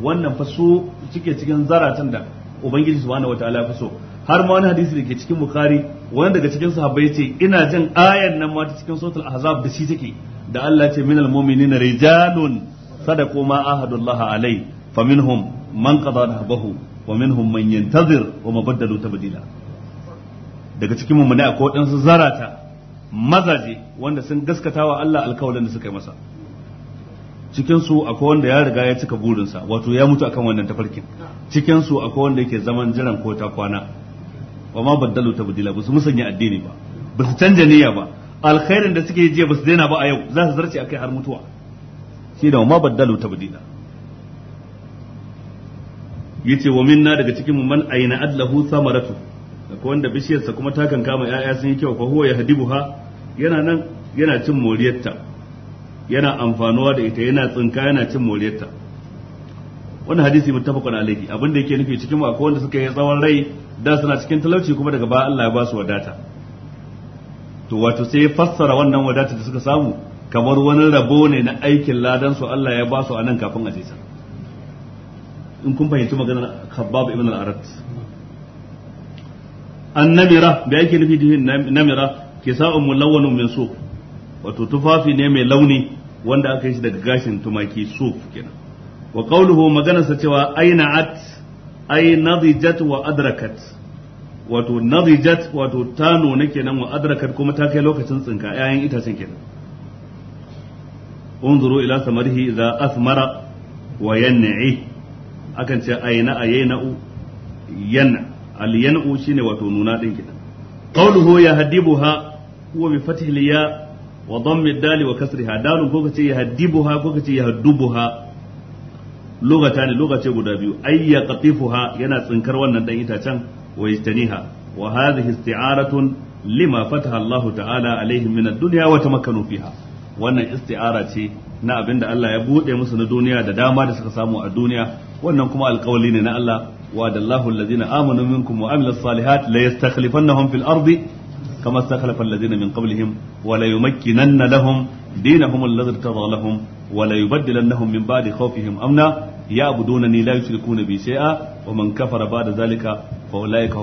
wannan fa su suke cikin zaratan da ubangiji subhanahu wataala ya fi so har ma wani hadisi da ke cikin bukhari wani daga cikin sahabbai ce ina jin ayan nan ma ta cikin suratul ahzab da shi take da Allah ce minal mu'minina rijalun sadaqu ma ahadullah alai fa minhum man qada nahbahu wa minhum man yantazir wa ma tabdila daga cikin mu'mini akwai wadansu zarata mazaje wanda sun gaskata wa Allah alkawalin da suka yi masa cikin su akwai wanda ya riga ya cika burinsa wato ya mutu akan wannan tafarkin cikin su akwai wanda yake zaman jiran ko ta kwana wa ma baddalu tabdila ba su musanya addini ba ba su canja niyya ba alkhairin da suke jiya ba su daina ba a yau za su zarce akai har mutuwa shi da ma baddalu tabdila yace wa minna daga cikin mu man aina adlahu samaratu ko wanda bishiyarsa kuma ta kama yaya sun yi kyau fa huwa yahdibuha yana nan yana cin moriyarta yana amfanuwa da ita yana tsinka yana cin moriyarta wannan hadisi muttafaqun alayhi abin da yake nufi cikin mu akwai wanda suka yi tsawon rai da suna cikin talauci kuma daga baya Allah ya ba su wadata to wato sai fassara wannan wadata da suka samu kamar wani rabo ne na aikin ladan su Allah ya ba su anan kafin a jisa in kun fahimci maganar Khabbab ibn al-Arat annamira da yake nufi namira kisa'un mulawwanun min suf wato tufafi ne mai launi wanda aka yi shi daga gashin tumaki suf kenan wa qawluhu maganarsa cewa aina'at ay nadijat wa adrakat wato nadijat wato ta nuna kenan wa adrakat kuma ta kai lokacin tsinka ƴaƴan itacen kenan unzuru ila samarihi idza asmara wa yan'i akan ce aina ayana'u yan al yan'u shine wato nuna din kenan qawluhu yahdibuha huwa bi fathi al ya wa dhammi dal wa kasriha dal ko kace yahdibuha ko kace yahdubuha lugata ne lugace guda biyu ay yaqtifuha yana tsinkar wannan dan itacen wa yastaniha wa hadhihi isti'aratun lima fataha Allah ta'ala alaihim min ad-dunya wa tamakkanu fiha wannan isti'ara ce na abinda Allah ya bude musu na duniya da dama da suka samu a duniya wannan kuma alƙawali ne na Allah wa dallahu allazina amanu minkum wa amilus salihat la yastakhlifannahum fil ardi كما استخلف الذين من قبلهم وليمكنن لهم دينهم الذي ارتضى لهم وليبدلنهم من بعد خوفهم امنا ya'budunani la yushrikuna bi shay'a wa man kafara ba'da zalika fa ulaika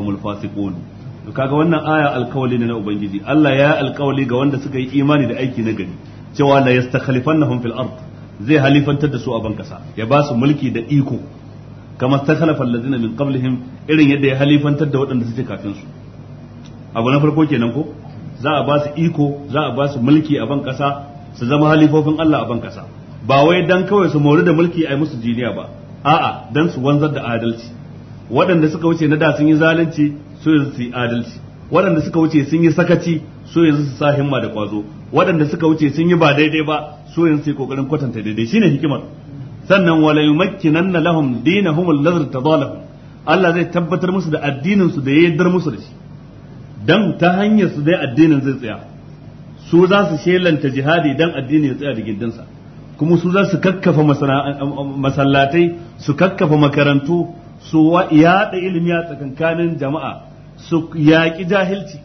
kaga wannan aya alkawali ne na ubangiji Allah ya alkawali ga wanda suka yi imani da aiki na gari cewa la yastakhlifannahum fil ard zai halifantar da su a bankasa ya ba su mulki da iko kama stakhlafa allazina min qablihim irin yadda ya halifantar da waɗanda suke kafin su abu na farko kenan ko za a ba su iko za a ba su mulki a bankasa su zama halifofin Allah a bankasa ba wai dan kawai su mori da mulki ai musu jiniya ba a'a dan su wanzar da adalci waɗanda suka wuce na da sun yi zalunci so yanzu su yi adalci waɗanda suka wuce sun yi sakaci so yanzu su sa himma da kwazo waɗanda suka wuce sun yi ba daidai ba so yanzu su yi kokarin kwatanta daidai shine hikimar sannan wala yumakkinan lahum dinahum alladhi tadalahum Allah zai tabbatar musu da addinin su da ya dar musu da shi dan ta hanyar su dai addinin zai tsaya su za su shelanta jihadi dan addini ya tsaya da gindinsa kuma su za su kakkafa masallatai su kakkafa makarantu su yaɗa ilimi a tsakankanin jama'a su yaƙi jahilci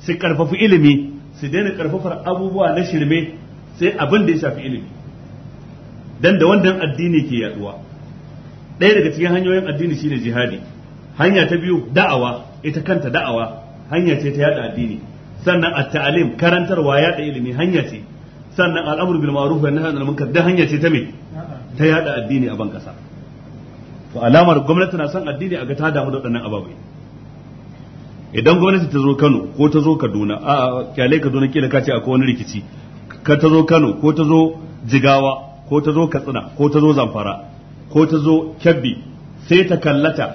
su ƙarfafi ilimi su daina ƙarfafar abubuwa na shirme sai abin da ya shafi ilimi dan da wannan addini ke yaduwa ɗaya daga cikin hanyoyin addini shine jihadi hanya ta biyu da'awa ita kanta da'awa hanya ce ta yada addini sannan at ta'alim karantarwa yada ilimi hanya ce sannan al'amur bil ma'ruf wa nahyi anil munkar da hanya ce ta me ta yada addini a ban kasa to alamar gwamnati na son addini a ga ta damu da wadannan ababai idan gwamnati ta zo Kano ko ta zo Kaduna a kyale Kaduna kila ka ce akwai wani rikici ka ta zo Kano ko ta zo Jigawa ko ta zo Katsina ko ta zo Zamfara ko ta zo Kebbi sai ta kallata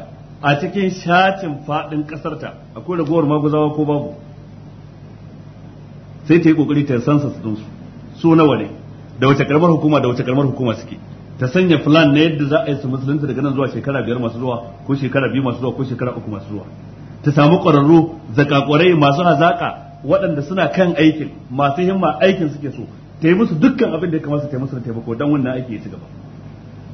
a cikin fadin faɗin ƙasarta akwai ragowar maguzawa ko babu sai ta yi ƙoƙari ta sansa su su nawa ne da wace karamar hukuma da wace karamar hukuma suke ta sanya plan na yadda za a yi su musulunci daga nan zuwa shekara biyar masu zuwa ko shekara biyu masu zuwa ko shekara uku masu zuwa ta samu ƙwararru zakakwarai masu hazaƙa waɗanda suna kan aikin masu himma aikin suke so ta yi musu dukkan abin da ya kamata ta yi musu da taimako don wannan aiki ya ci gaba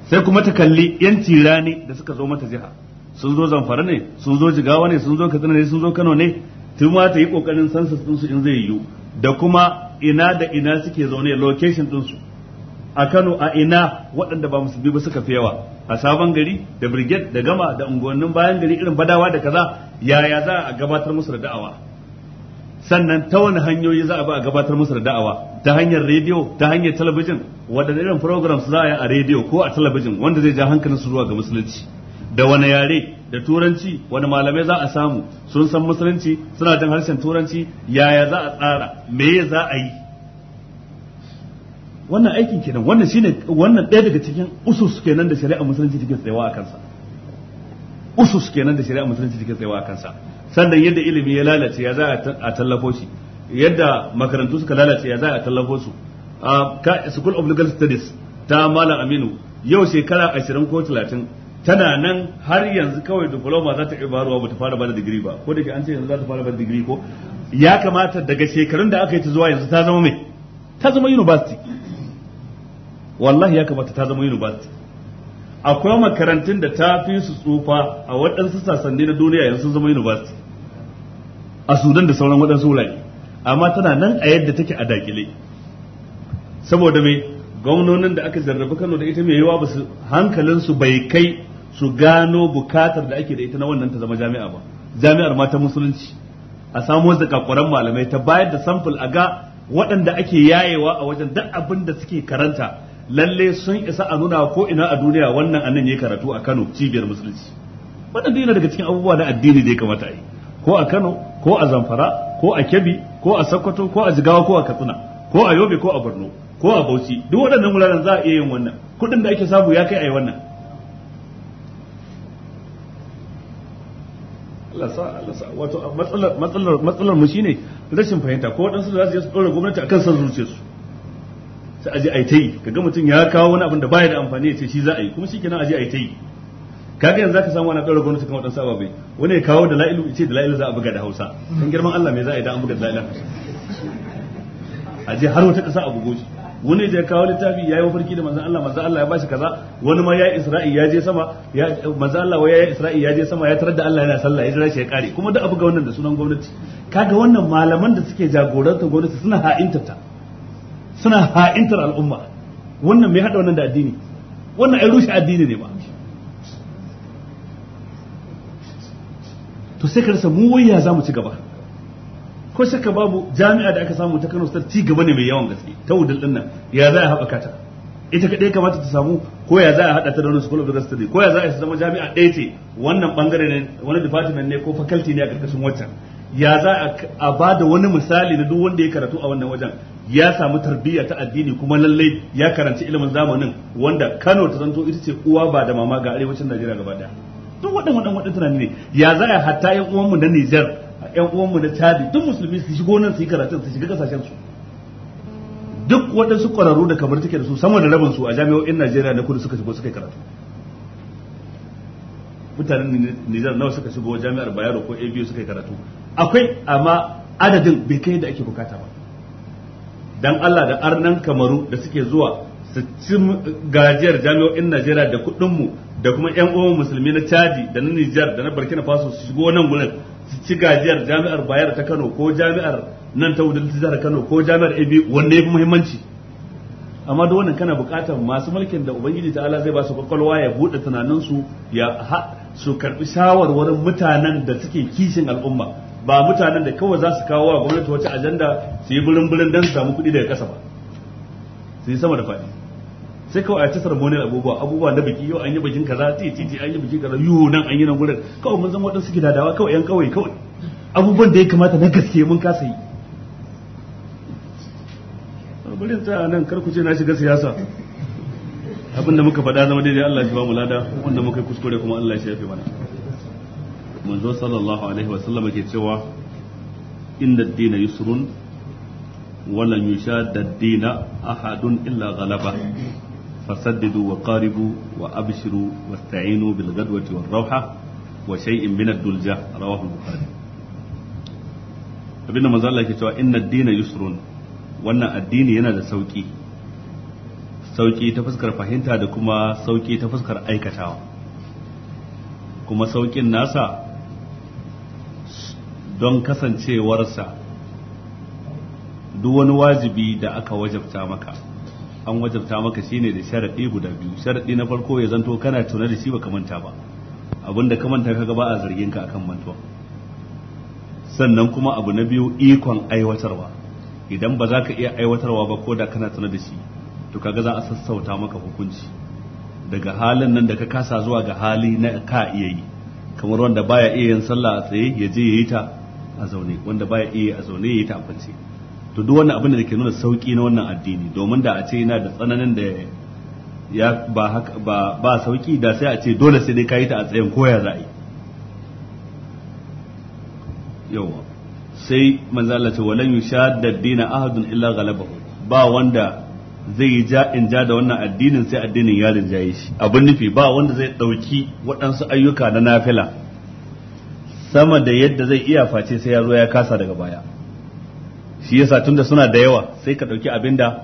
sai kuma ta kalli yan rani da suka zo mata jiha sun zo zamfara ne sun zo jigawa ne sun zo katsina ne sun zo kano ne tun ta yi kokarin sansa sun su in zai yiwu da kuma ina da ina suke zaune location su a Kano a ina waɗanda ba musulmi ba suka fi yawa a sabon gari da brigade da gama da unguwannin bayan gari irin badawa da kaza yaya za a gabatar musu da da'awa sannan ta wani hanyoyi za a ba a gabatar musu da da'awa ta hanyar rediyo ta hanyar talabijin waɗanda irin programs za a yi a rediyo ko a talabijin wanda zai ja hankalin su zuwa ga musulunci da wani yare da turanci wani malamai za a samu sun san musulunci suna jin harshen turanci yaya za a tsara me za a yi wannan aikin kenan wannan shine wannan ɗaya daga cikin usus kenan da shari'a musulunci take tsayawa a kansa usus kenan da shari'a musulunci take tsayawa a kansa sannan yadda ilimi ya lalace ya za a tallafo shi yadda makarantu suka lalace ya za a tallafo su ah, a school of legal studies ta malam aminu yau shekara ashirin ko talatin tana nan har yanzu kawai diploma za ta iya ba ta fara bada digiri ba ko da ke an ce yanzu za ta fara bada digiri ko ya kamata daga shekarun da aka yi ta zuwa yanzu ta zama mai ta zama university wallahi ya kamata ta zama university akwai makarantun da ta fi su tsufa a waɗansu sassanni na duniya yanzu sun zama university a sudan da sauran waɗansu wurare amma tana nan a yadda take a dakile saboda mai gwamnonin da aka jarrabi kano da ita mai yawa ba su hankalinsu bai kai su gano bukatar da ake da ita na wannan ta zama jami'a ba jami'ar ma ta musulunci a samu samo zakakuran malamai ta bayar da sample a ga waɗanda ake yayewa a wajen duk abin da suke karanta lalle sun isa a nuna ko ina a duniya wannan annan yayi karatu a Kano cibiyar musulunci wannan yana daga cikin abubuwa na addini da ya kamata a ko a Kano ko a Zamfara ko a Kebbi ko a Sokoto ko a Jigawa ko a Katsina ko a Yobe ko a Borno ko a Bauchi duk waɗannan wuraren za a iya yin wannan kuɗin da ake samu ya kai a yi wannan wato matsalar mu shine rashin fahimta ko wadansu za su je su dora gwamnati akan san zuciyar su sai aje ai tayi kaga mutum ya kawo wani abin da baya da amfani ya ce shi za a yi kuma shikenan aje ai tayi kaga yanzu zaka samu ana dora gwamnati kan wadansu ababai wani ya kawo da la'ilu ce da la'ilu za a buga da Hausa kan girman Allah mai za a yi da an buga da la'ilu aje har wata kasa a bugo shi wani da ya kawo littafi ya yi mafarki da manzan Allah manzan Allah ya bashi kaza wani ma ya isra'i ya je sama ya manzan Allah wai ya isra'i ya je sama ya tarar da Allah yana sallah ya jira shi ya kare kuma duk abu ga wannan da sunan gwamnati kaga wannan malaman da suke jagorantar gwamnati suna ha'intata suna ha'intar al'umma wannan mai hada wannan da addini wannan ai rushe addini ne ba to sai ka rasa mu wai ya zamu ci gaba ko shakka babu jami'a da aka samu ta Kano Star ci gaba ne mai yawan gaske ta wudul din nan ya za a haɓaka ta ita kadai kamata ta samu ko ya za a haɗa ta da wani school of university ko ya za a zama jami'a ɗaya ce wannan bangare ne wani department ne ko faculty ne a karkashin waccan ya za a ba da wani misali na duk wanda ya karatu a wannan wajen ya samu tarbiyya ta addini kuma lallai ya karanci ilimin zamanin wanda Kano ta zanto ita ce uwa ba da mama ga arewacin Najeriya gaba ɗaya duk waɗannan waɗannan tunani ne ya za a hatta yan uwanmu na Nijar yan uwanmu na chadi duk musulmi su shigo nan su yi karatun su shiga kasashen su duk waɗansu ƙwararru da kamar take da su sama da rabin su a jami'o'in Najeriya na kudu suka shigo suka yi karatu mutanen Nijar nawa suka shigo jami'ar Bayero ko ABU suka yi karatu akwai amma adadin bai kai da ake bukata ba dan Allah da arnan kamaru da suke zuwa su ci gajiyar jami'o'in Najeriya da kuɗinmu da kuma 'yan uwan musulmi na Chadi da na Nijar da na Burkina Faso su shigo nan gurin ci gajiyar jami'ar bayar ta kano ko jami'ar nan ta ta jihar kano ko jami'ar ebi wanne ya fi muhimmanci amma da wannan kana bukatar masu mulkin da ubangiji ta ala zai ba su kwakwalwa ya buɗe tunaninsu ya su karɓi shawarwarin mutanen da suke kishin al'umma ba mutanen da kawai za su kawo wa gwamnati wata ajanda su yi birin birin don su samu kuɗi daga ƙasa ba su yi sama da faɗi sai kawai a ci ceremonial abubuwa abubuwa na biki yau an yi bikin kaza ti ti ti an yi bikin kaza yuhu nan an yi nan gurin kawai mun zama waɗansu gidadawa kawai yan kawai kawai abubuwan da ya kamata na gaske mun kasa yi bari ta nan kar ku ce na shiga siyasa abin da muka faɗa zama daidai Allah shi ba mu lada wanda muka yi kuskure kuma Allah shi yafe mana manzo sallallahu alaihi wa sallam ke cewa inna ad-dina yusrun wa lan yushadda ad-dina ahadun illa ghalaba فسددوا وقاربوا وأبشروا واستعينوا بالغدوة والروحة وشيء من الدلجة رواه البخاري abinda manzo Allah yake cewa inna ad-dina yusrun wannan addini yana da sauki sauki ta fuskar fahimta da kuma sauki ta fuskar aikatawa kuma saukin nasa don kasancewarsa duk wani wajibi da aka wajabta maka an wajabta maka shine da sharadi guda biyu sharadi na farko ya zanto kana tunar da shi baka manta ba abinda ka manta kaga ba a zargin ka akan mantuwa sannan kuma abu na biyu ikon aiwatarwa idan ba za ka iya aiwatarwa ba ko da kana tunar da shi to kaga za a sassauta maka hukunci daga halin nan da ka kasa zuwa ga hali na ka iya yi kamar wanda baya iya yin sallah a tsaye ya je ya yi ta a zaune wanda baya iya a zaune ya yi ta a kwance to duk wannan abin da ke nuna sauki na wannan addini domin da a ce yana da tsananin da ya ba ba ba sauki da sai a ce dole sai dai kayi ta a tsayin koya za a yawa sai manzo Allah ce walan yushadda dina ahadun illa ghalabahu ba wanda zai yi ja in ja da wannan addinin sai addinin ya rinjaye shi abin nufi ba wanda zai dauki waɗansu ayyuka na nafila sama da yadda zai iya face sai ya zo ya kasa daga baya shi yasa tunda suna da yawa sai ka ɗauki abin da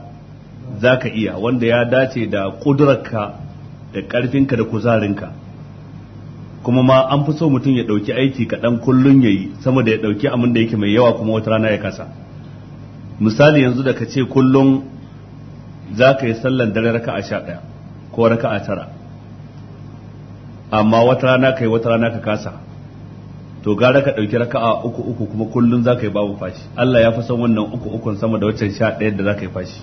za ka iya wanda ya dace da ƙudurarka da ƙarfinka da kuzarinka kuma ma an fi so mutum ya ɗauki aiki kaɗan kullum ya yi sama da ya ɗauki abin da yake mai yawa kuma wata rana ya kasa misali yanzu da ka ce kullum za ka yi sallan dare raka a sha ɗaya ko raka a tara amma wata rana ka yi wata rana ka kasa to gara ka ɗauki raka'a uku uku kuma kullum za ka yi babu fashi Allah ya fi son wannan uku ukun sama da waccan sha ɗaya da za ka yi fashi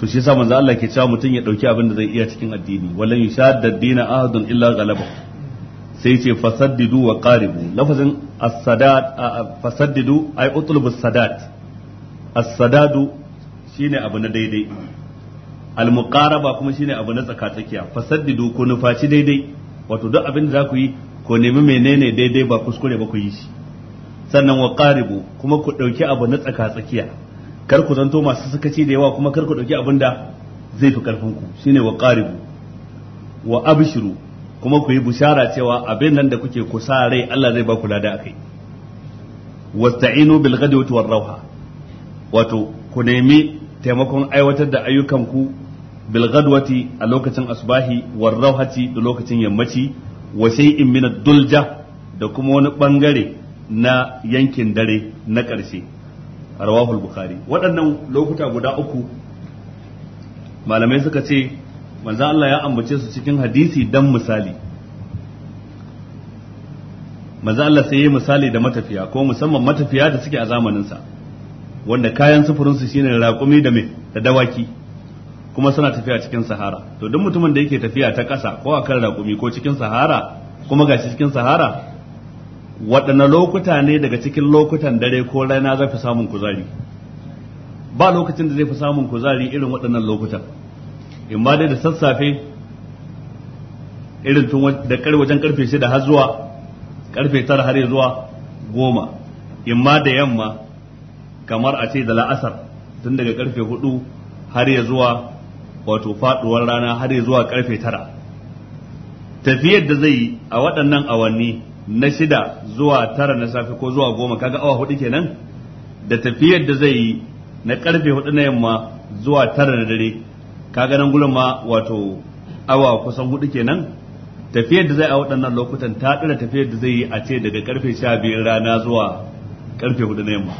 to shi sa manzo Allah ke cewa mutum ya ɗauki abin da zai iya cikin addini sha yushadda dina ahadun illa ghalaba sai ce fasaddidu wa qaribu lafazin as-sadad fasaddidu ay utlubu as-sadad as-sadadu shine abu na daidai al-muqaraba kuma shine abu na tsaka fasaddidu ku nufaci daidai wato duk abin da za ku yi Ko nemi menene daidai ba kuskure ba ku yi shi sannan wa qaribu kuma ku dauki abu na tsaka tsakiya kar ku zanto masu sakaci da yawa kuma kar ku dauki abin da zai fi karfin ku shine wa qaribu wa abshiru kuma ku yi bushara cewa abin nan da kuke kusa rai Allah zai ba ku lada akai wasta'inu bil ghadwati war rawha wato ku nemi taimakon aiwatar da ayyukan ku bil ghadwati a lokacin asbahi war rawhati da lokacin yammaci wa shay'in min dulja da kuma wani bangare na yankin dare na ƙarshe rawahu bukhari waɗannan lokuta guda uku malamai suka ce manzo Allah ya ambace su cikin hadisi dan misali manzo Allah sai yi misali da matafiya ko musamman matafiya da suke a zamanin sa wanda kayan sufurin su shine raƙumi da me da dawaki kuma suna tafiya cikin sahara to duk mutumin da yake tafiya ta ƙasa ko a kan raƙumi ko cikin sahara kuma ga cikin sahara waɗanne lokuta ne daga cikin lokutan dare ko rana zai fi samun kuzari ba lokacin da zai fi samun kuzari irin waɗannan lokutan in ma dai da sassafe irin tun da ƙarfe wajen karfe 6 har zuwa karfe tara har zuwa goma in ma da yamma kamar a ce da la'asar tun daga karfe 4 har ya zuwa wato faduwar rana har zuwa karfe tara tafiyar da zai yi a waɗannan awanni na shida zuwa tara na safe ko zuwa goma kaga awa hudu kenan da tafiyar da zai yi na karfe hudu na yamma zuwa tara da dare kaga nan gurin ma wato awa kusan hudu kenan tafiyar da zai a waɗannan lokutan ta ɗara tafiyar da zai yi a ce daga karfe sha biyar rana zuwa karfe hudu na yamma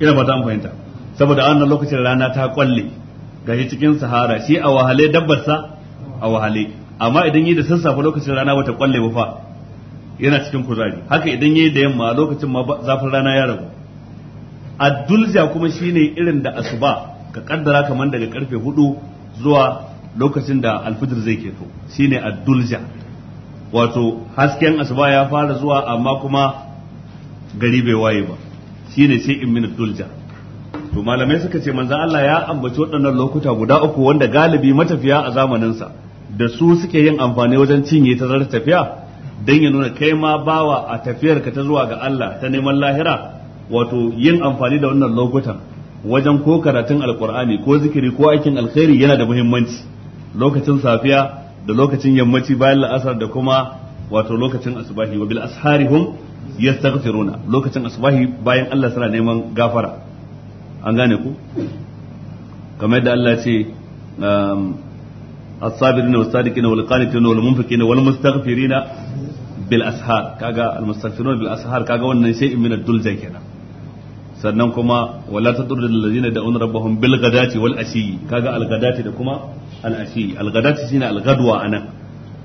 ina ta amfani fahimta saboda a wannan lokacin rana ta kwalle gashi cikin sahara shi a wahale dabbar sa a wahale amma idan yi da sassafe lokacin rana wata kwalle ba fa yana cikin kuzari haka idan yi da yamma lokacin ma zafin rana ya ragu. Adulja kuma shine irin da asuba ka kaddara kamar daga karfe hudu zuwa lokacin da alfijir zai keto shine adulja wato hasken asuba ya fara zuwa amma kuma gari bai waye ba shine sai in min dulja to malamai suka ce manzan Allah ya ambaci waɗannan lokuta guda uku wanda galibi matafiya a zamaninsa da su suke yin amfani wajen cinye ta zarar tafiya don ya nuna kai ma bawa a tafiyar ka ta zuwa ga Allah ta neman lahira wato yin amfani da wannan lokutan wajen ko karatun alkur'ani ko zikiri ko aikin alkhairi yana da muhimmanci lokacin safiya da lokacin yammaci bayan la'asar da kuma wato lokacin asubahi wa bil asharihum yastaghfiruna lokacin asubahi bayan Allah suna neman gafara an gane ku kamar yadda Allah ce um, as-sabirin wa sadiqin wal qanitin wal munfiqin wal mustaghfirin bil ashar kaga al mustaghfirun bil ashar kaga wannan shay'in min ad-dulja kenan sannan kuma wala tadrul ladina da'un rabbahum bil ghadati wal ashi kaga al ghadati da kuma al ashi al ghadati shine al gadwa anan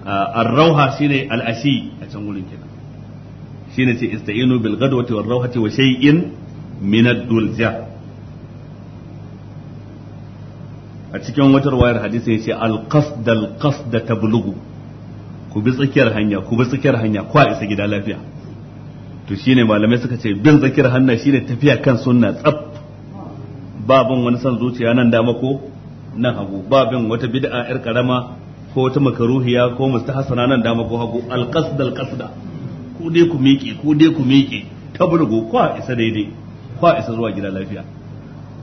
uh, ar rauha shine al ashi a can gurin kenan shine ce ista'inu bil ghadwati war rauhati wa shay'in min ad-dulja a cikin wata wayar hadisi yace al-qasd al-qasd bulugu ku bi tsakiyar hanya ku bi tsakiyar hanya ku isa gida lafiya to shine malamai suka ce bin tsakiyar hanya shine tafiya kan sunna tsaf babin wani san zuciya nan dama ko nan hagu babin wata bid'a yar karama ko wata makaruhiya ko mustahsana nan dama ko hagu al-qasd al-qasd ku dai ku miƙe ku dai ku miƙe tablughu ku isa daidai ku isa zuwa gida lafiya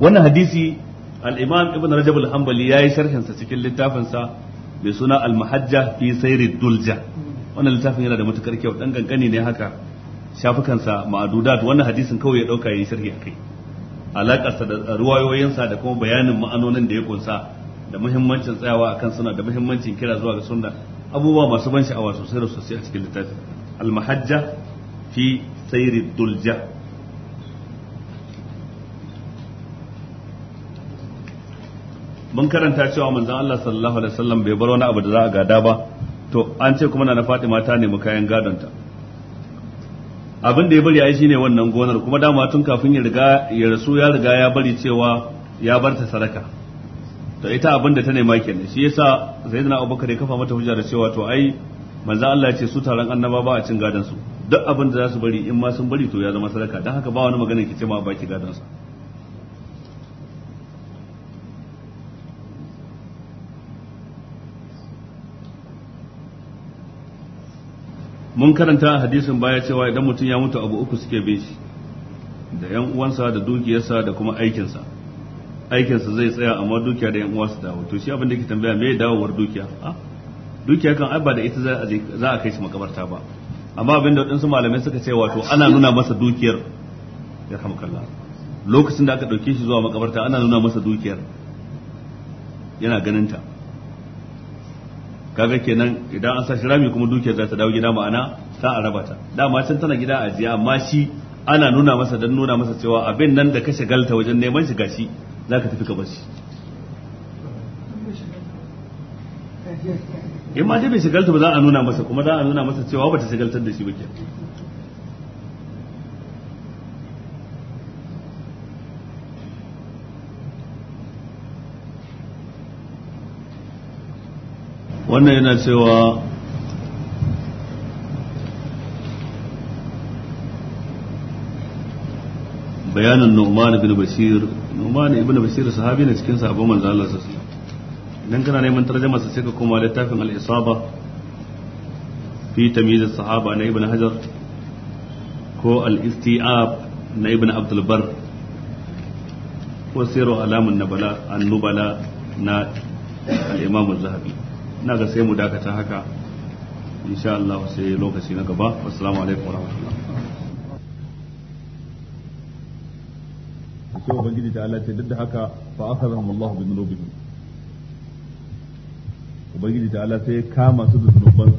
wannan hadisi al-imam ibn rajab al ya yi sharhin sa cikin littafin sa mai suna al-muhajja fi sayri dulja wannan littafin yana da matukar kyau dan kankani ne haka shafukan sa ma'adudat wannan hadisin kawai ya dauka yayi sharhi akai alakar sa da ruwayoyin sa da kuma bayanin ma'anonin da ya kunsa da muhimmancin tsayawa akan suna da muhimmancin kira zuwa ga sunna abubuwa masu ban sha'awa sosai da sosai a cikin littafin al-muhajja fi sayri dulja mun karanta cewa manzon Allah sallallahu alaihi wasallam bai bar wani abu da za a gada ba to an ce kuma na Fatima ta nemi kayan gadonta abin da ya bari ai shine wannan gonar kuma dama tun kafin ya riga ya rasu ya riga ya bari cewa ya bar ta sadaka to ita abin da ta nema kenan shi yasa Zaidina Abubakar ya kafa mata hujja da cewa to ai manzo Allah ya ce su taron annaba ba a cin gadon su duk abin da za su bari in ma sun bari to ya zama sadaka dan haka ba wani magana ki ce ma baki gadon su mun karanta hadisin baya cewa idan mutum ya mutu abu uku suke bin shi da yan uwansa da dukiyarsa da kuma aikinsa aikinsa zai tsaya amma dukiya da yan uwansa su dawo to shi abin da ke tambaya me dawowar dukiya dukiya kan ai ba da ita za a kai shi makabarta ba amma abin da waɗansu malamai suka ce wato ana nuna masa dukiyar ya kalla lokacin da aka ɗauke shi zuwa makabarta ana nuna masa dukiyar yana ganinta kaga kenan idan an sashi rami kuma dukiyar za ta dawo gida ma'ana ta a raba ta dama can tana gida a jiya amma shi ana nuna masa dan nuna masa cewa abin nan da ka shagalta wajen neman shiga shi za ka tafi ka bashi in ma dai bai shagalta ba za a nuna masa kuma za a nuna masa cewa ba ta shagaltar da shi ba kenan wannan yana cewa bayanin numan ibn bashir numan ibn bashir sahabi ne cikin sahabban manzo Allah sallallahu alaihi wasallam idan kana neman tarjuma sai ka koma littafin al-isaba fi tamyiz as-sahaba na ibn hajar ko al-istiab na ibn abdul bar ko siru alamun nabala an-nubala na al-imam az-zahabi ina ga sai mu dakata haka insha Allah sai lokaci na gaba assalamu alaikum wa rahmatullah sai ubangiji ta Allah ce duk da haka fa akhadhahum Allah bi dhunubihim ubangiji ta Allah sai kama su da zunuban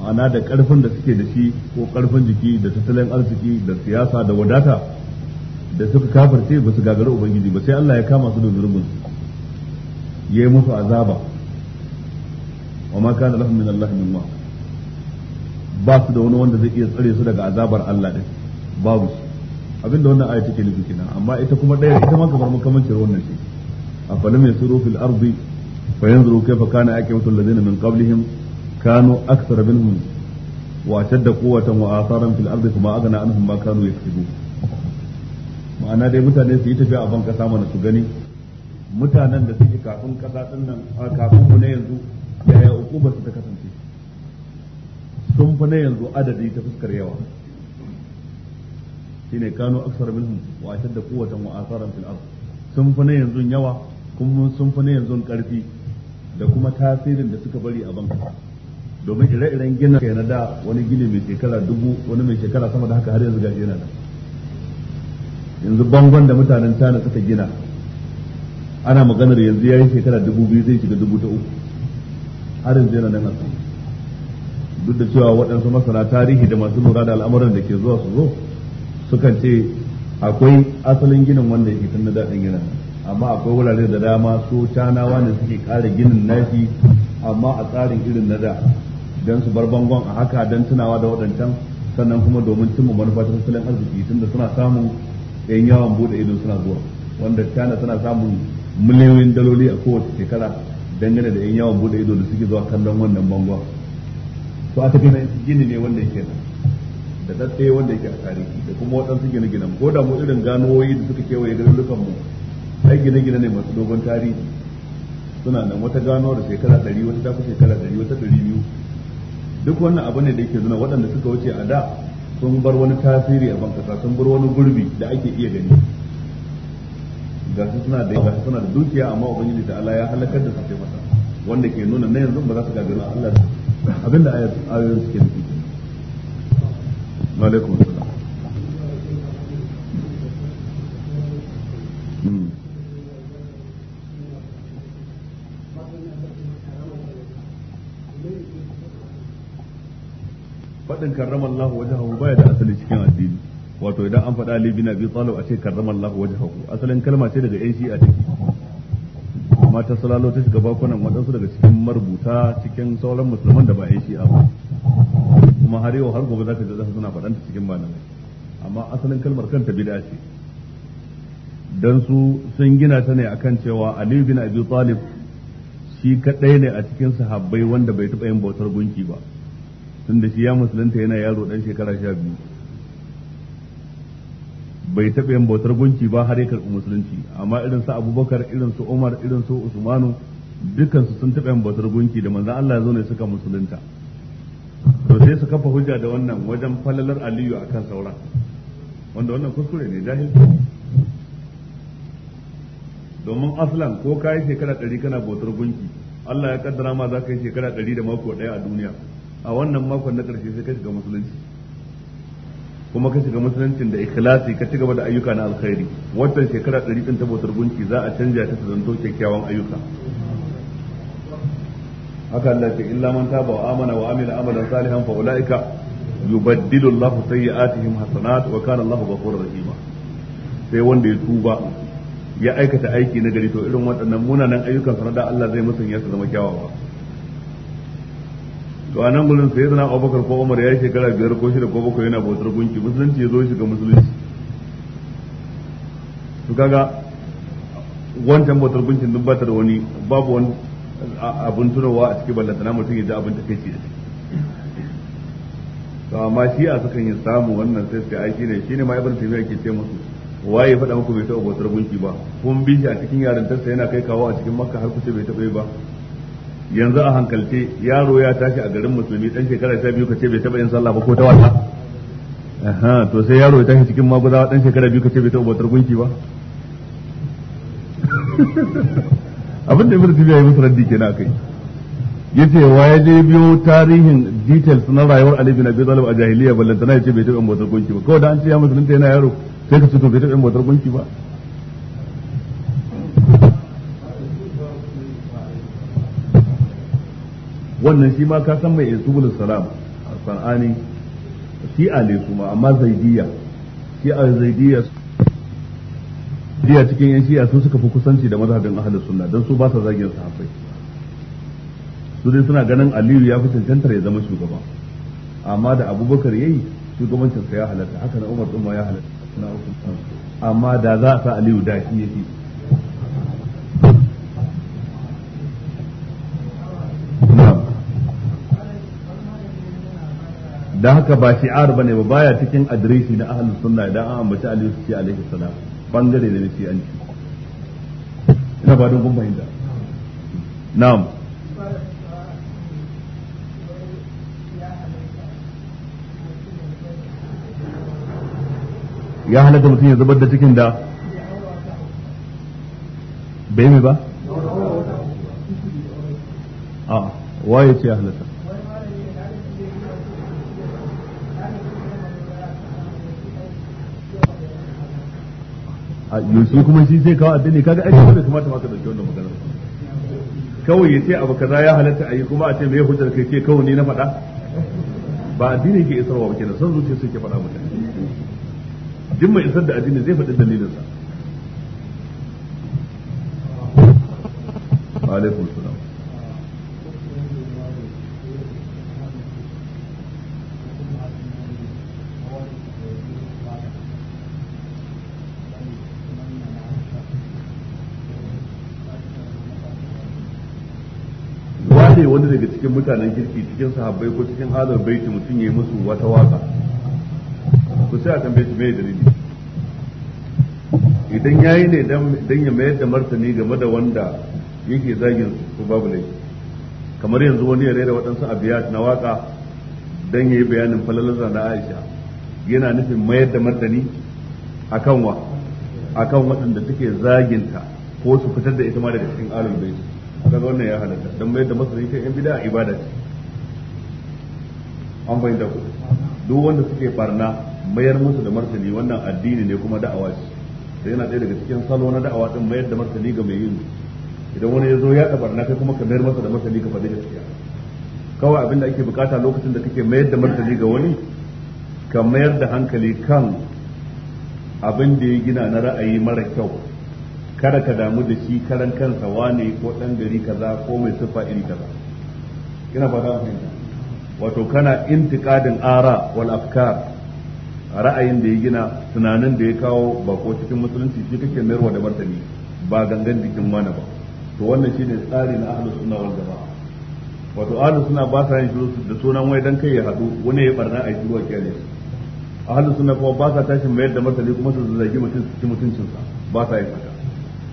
ma'ana da karfin da suke da shi ko karfin jiki da tattalin arziki da siyasa da wadata da suka kafirce ba su gagari ubangiji ba sai Allah ya kama su da zunubin ya musu azaba wa ma kana lahum min Allah min wahab ba su da wani wanda zai iya tsare su daga azabar Allah din babu shi abinda wannan aya take nufi kenan amma ita kuma ɗaya ita ma kamar makamancin wannan shi. a afalam yasiru fil ardi fayanzuru kayfa kana aqibatu alladhina min qablihim kanu akthara minhum wa ashadda quwwatan wa atharan fil ardi kuma aghna anhum ma kanu yaksubu ma'ana dai mutane su yi tafiya a ban kasa mana su gani mutanen da suke kafin kasa din nan kafin ku ne yanzu yaya su ta kasance sun fi na yanzu adadi ta fuskar yawa shine kano aksar minhum wa ashadda quwwatan wa atharan fil ard sun fi na yanzu yawa kuma sun fi na yanzu karfi da kuma tasirin da suka bari a banka domin ire-iren gina kai na da wani gini mai shekara dubu wani mai shekara sama da haka har yanzu gashi yana nan yanzu bangon da mutanen tana suka gina ana maganar yanzu ya yi shekara dubu biyu zai shiga dubu ta uku har yanzu yana nan duk da cewa waɗansu masana tarihi da masu lura da al'amuran da ke zuwa su zo sukan ce akwai asalin ginin wanda yake tun na daɗin ginin amma akwai wurare da dama su canawa ne suke ƙara ginin nashi amma a tsarin irin na da don su bar bangon a haka don tunawa da waɗancan sannan kuma domin cimma manufa ta tattalin arziki tun da suna samun yan yawon bude ido suna zuwa wanda tana tana samun miliyoyin daloli a kowace shekara dangane da yan yawon bude ido da suke zuwa kallon wannan bangon to a tafi gini ne wanda yake nan da datse wanda yake a tarihi da kuma waɗansu gine-ginen ko da mu irin ganowoyi da suka kewaye garurukan mu ai gine-gine ne masu dogon tarihi suna nan wata gano da shekara ɗari wata tafi shekara ɗari wata ɗari biyu duk wannan abu ne da yake nuna waɗanda suka wuce a da sun bar wani tasiri a bankasa sun bar wani gurbi da ake iya gani ga su suna da ga su suna da dukiya amma ubangiji da Allah ya halakar da su sai masa wanda ke nuna na yanzu ba za su gagaru Allah abinda ayoyin suke nufi wa alaikum assalam hmm. faɗin karramar Allah wajen hau baya da asali cikin addini wato idan an faɗa Ali bin Abi Talib a ce karramallahu wajhahu asalin kalma ce daga yan a take amma ta salalo ta shiga bakunan waɗansu daga cikin marubuta cikin sauran musulman da ba yan a ba kuma har yau har gobe ka ji zaka suna faɗanta cikin malamai amma asalin kalmar kanta bid'a ce dan su sun gina ta ne akan cewa Ali bin Abi Talib shi kadai ne a cikin sahabbai wanda bai taɓa yin bautar gunki ba tunda shi ya musulunta yana yaro dan shekara sha biyu bai taɓa yin bautar gunki ba har ya karɓi musulunci amma irin su abubakar irin su umar irin su usmanu dukansu sun taɓa yin bautar gunki da manzan allah ya zo ne suka musulunta to sai su kafa hujja da wannan wajen falalar aliyu akan saura wanda wannan kuskure ne jahil domin aslan ko ka yi shekara ɗari kana bautar gunki allah ya kaddara ma za ka yi shekara ɗari da mako ɗaya a duniya a wannan makon na ƙarshe sai ka shiga musulunci kuma ka shiga musuluncin da ikhlasi ka ci gaba da ayyuka na alkhairi wannan shekara ɗari ɗin ta bautar gunki za a canja ta ta zanto kyakkyawan ayyuka haka Allah ce illa man taba wa amana wa amila amalan salihan fa ulaika yubaddilu Allahu sayyi'atihim hasanat wa kana Allahu ghafurur rahima sai wanda ya tuba ya aikata aiki na gari to irin waɗannan munanan ayyukan sanar da Allah zai musanya su zama kyawawa to a nan gurin sai zana abubakar ko umar ya shekara biyar ko shida ko bakwai yana bautar gunki musulunci ya zo shiga musulunci to kaga wancan bautar gunkin duk bata da wani babu wani abin tunawa a cikin na mutum ya ji abin takaici da to amma shi a sukan yi samu wannan sai suka aiki ne shine ma ibn taymiya ke ce musu waye ya faɗa muku bai taɓa bautar gunki ba kun bi shi a cikin yarintarsa yana kai kawo a cikin makka har kuce bai taɓa yi ba yanzu a hankalce yaro ya tashi a garin musulmi dan shekara sha biyu kace bai taba yin sallah ba ko ta wata aha to sai yaro ya tashi cikin maguzawa dan shekara biyu kace bai taba bautar gunki ba <laughs> abin da mutum ya yi musu raddi kenan akai yace wa ya biyo tarihin details na rayuwar Ali bin Abi Talib a jahiliya ballantana yace bai taba bautar gunki ba kawai dan an ce ya musulunta yana yaro sai ka ce to bai taba bautar gunki ba wannan shi ma ka san mai isubul salam sanani a ne su ma amma zaidiya a zaidiya jiya cikin yan shi'a sun suka fi kusanci da mazhabin ahlus sunna dan su ba sa zagin sahabbai su dai suna ganin aliyu ya fi cancantar ya zama shugaba amma da abubakar yayi shugabancin sa ya halatta haka na umar din ma ya halatta na uku amma da za a sa aliyu da shi yake da haka ba shi'ar bane ba baya cikin adireshi na ahli sunna idan an ambaci Ali Yusuf alaihi salam bangare da shi an ina ba don gumbayin fahimta na'am ya halatta mutum ya zubar da cikin da bai mai ba a waye ce ya halatta yusuf kuma shi zai kawo addini kaga ai dole kamata ma ka dauki wannan magana kawai ya ce abu kaza ya halatta ayi kuma a ce me hujjar kai ce kawai ni na faɗa ba addini ke isarwa ba kenan san zuciya suke faɗa mutane duk mai isar da addini zai faɗi dalilin sa mutanen kirki cikin sahabbai ko cikin halar baiti mutum ya yi musu wata waka ku sai a tambaye su mai dalili idan ya yi ne don ya mayar da martani game da wanda yake zagin su babu laifi kamar yanzu wani ya rera waɗansu abiyat na waka don ya yi bayanin falalar na aisha yana nufin mayar da martani akan wa akan waɗanda suke zaginta ko su fitar da ita ma daga cikin alul baiti kaga wannan ya halatta don mai da masarai kan yan bid'a ibada ce an da ku duk wanda suke barna mayar musu da martani wannan addini ne kuma da'awa ce sai yana ɗaya daga cikin salo na da'awa din mayar da martani ga mai yin idan wani ya zo ya da barna kai kuma ka mayar masa da martani ka faɗi gaskiya kawai abin da ake bukata lokacin da kake mayar da martani ga wani ka mayar da hankali kan abin da ya gina na ra'ayi mara kyau kada ka damu da shi karan kansa wane ko dan gari kaza ko mai sifa iri kaza Kina fata fahimta wato kana intiqadin ara wal afkar ra'ayin da ya gina tunanin da ya kawo ba ko cikin musulunci shi kake mayarwa da martani ba gangan bikin mana ba to wannan shine tsari na ahlus sunna wal jamaa wato ahlus sunna ba sa yin shiru da sunan wai dan kai ya hadu wani ya barna a shiru a kiyale ahlus sunna ko ba sa tashin mayar da martani kuma su zagi mutuncin ba sa yin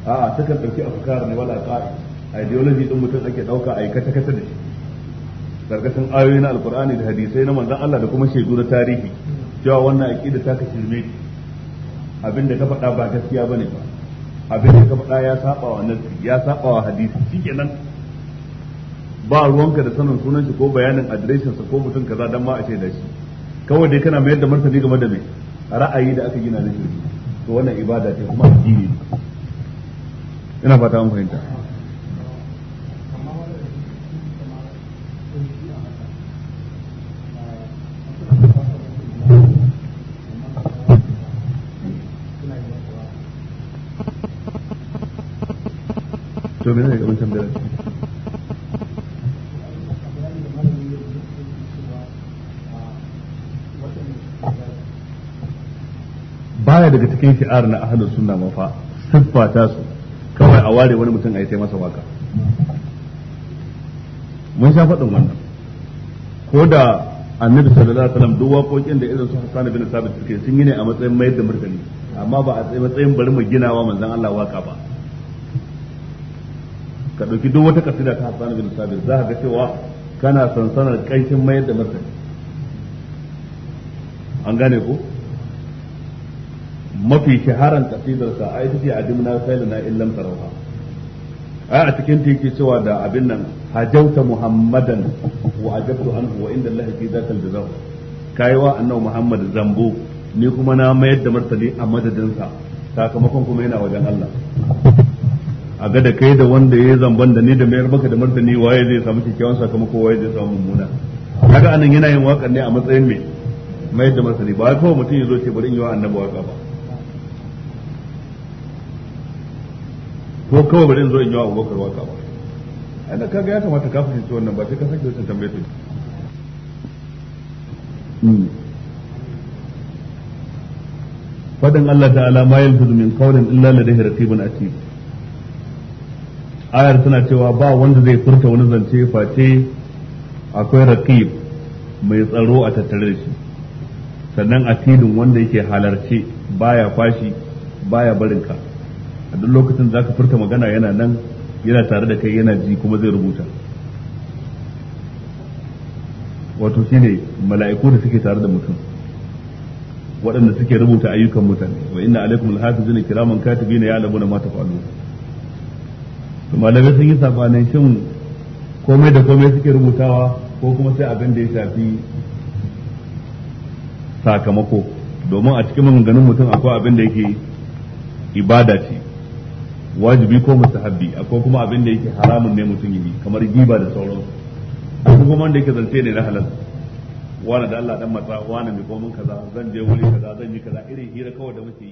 a'a takan dauki afkar ne wala ka ideology din mutum ake dauka ai kata kata da shi gargashin ayoyi na alqur'ani da hadisai na manzon Allah da kuma shaidu na tarihi cewa wannan aqida ta ka shirme abinda ka faɗa ba gaskiya bane ba abinda ka faɗa ya saba wa nazari ya saba wa hadisi shikenan ba ruwanka da sanin sunan shi ko bayanin adireshin sa ko mutum kaza dan ma a ce da shi kawai dai kana mayar da martani game da me ra'ayi da aka gina na shirme to wannan ibada ce kuma addini ina fata an fahimta to me ne gaban tambayar baya daga cikin shi'ar na ahlus suna mafa siffa ta su a ware wani mutum a yi taimaka waka mun sha faɗin wannan ko da annabi sallallahu alaihi wasallam duk waƙoƙin da irin su Hassan bin Sabit suke sun yi ne a matsayin mayar da martani amma ba a matsayin bari mu ginawa manzon Allah waka ba ka ɗauki duk wata kasida ta Hassan bin Sabit za ka ga cewa kana sansanar kanshin mayar da martani an gane ko mafi shaharan kasidarsa a ita ce adimna kailana illam tarawha a a cikin ta yake cewa da abin nan hajauta muhammadan wa ajabtu anhu wa inda allahi fi zakal jazaa wa annabi muhammad zambo ni kuma na mayar da martani a madadin sa sakamakon kuma yana wajen Allah a ga da kai da wanda ya zamban da ni da mayar baka da martani waye zai samu kikkiawan sakamako waye zai samu mummuna kaga anan yana yin wakan ne a matsayin mai mayar da martani ba kawai mutum ya zo ce bari in yi wa annabi waka ba ko kawai bari in zo in yi wa abubakar waka ba ai da kaga ya kamata ka fahimci wannan ba sai ka sake wancan tambaye su fadin hmm. Allah ta'ala ma yin min qawlin illa ladayhi raqibun atid ayar tana cewa ba wanda zai furta wani zance face akwai rakib mai tsaro a tattare da shi sannan atidin wanda yake halarce baya fashi baya barinka a duk lokacin za ka furta magana yana nan yana tare da kai yana ji kuma zai rubuta wato shine mala'iku da suke tare da mutum waɗanda suke rubuta ayyukan mutane wa inna alaikum ne kiraman labu na mata falo. to malamai sun yi sabanin shin komai da komai suke rubutawa ko kuma sai abin da ya shafi sakamako domin a cikin maganganun mutum akwai abin da yake ibada ce wajibi ko mustahabbi akwai kuma abin da yake haramun ne mutum yi kamar giba da sauransu su kuma wanda yake zance ne na halal wani da Allah dan matsa wani mai komin kaza zan je wuri kaza zan yi kaza irin hira kawai da muke yi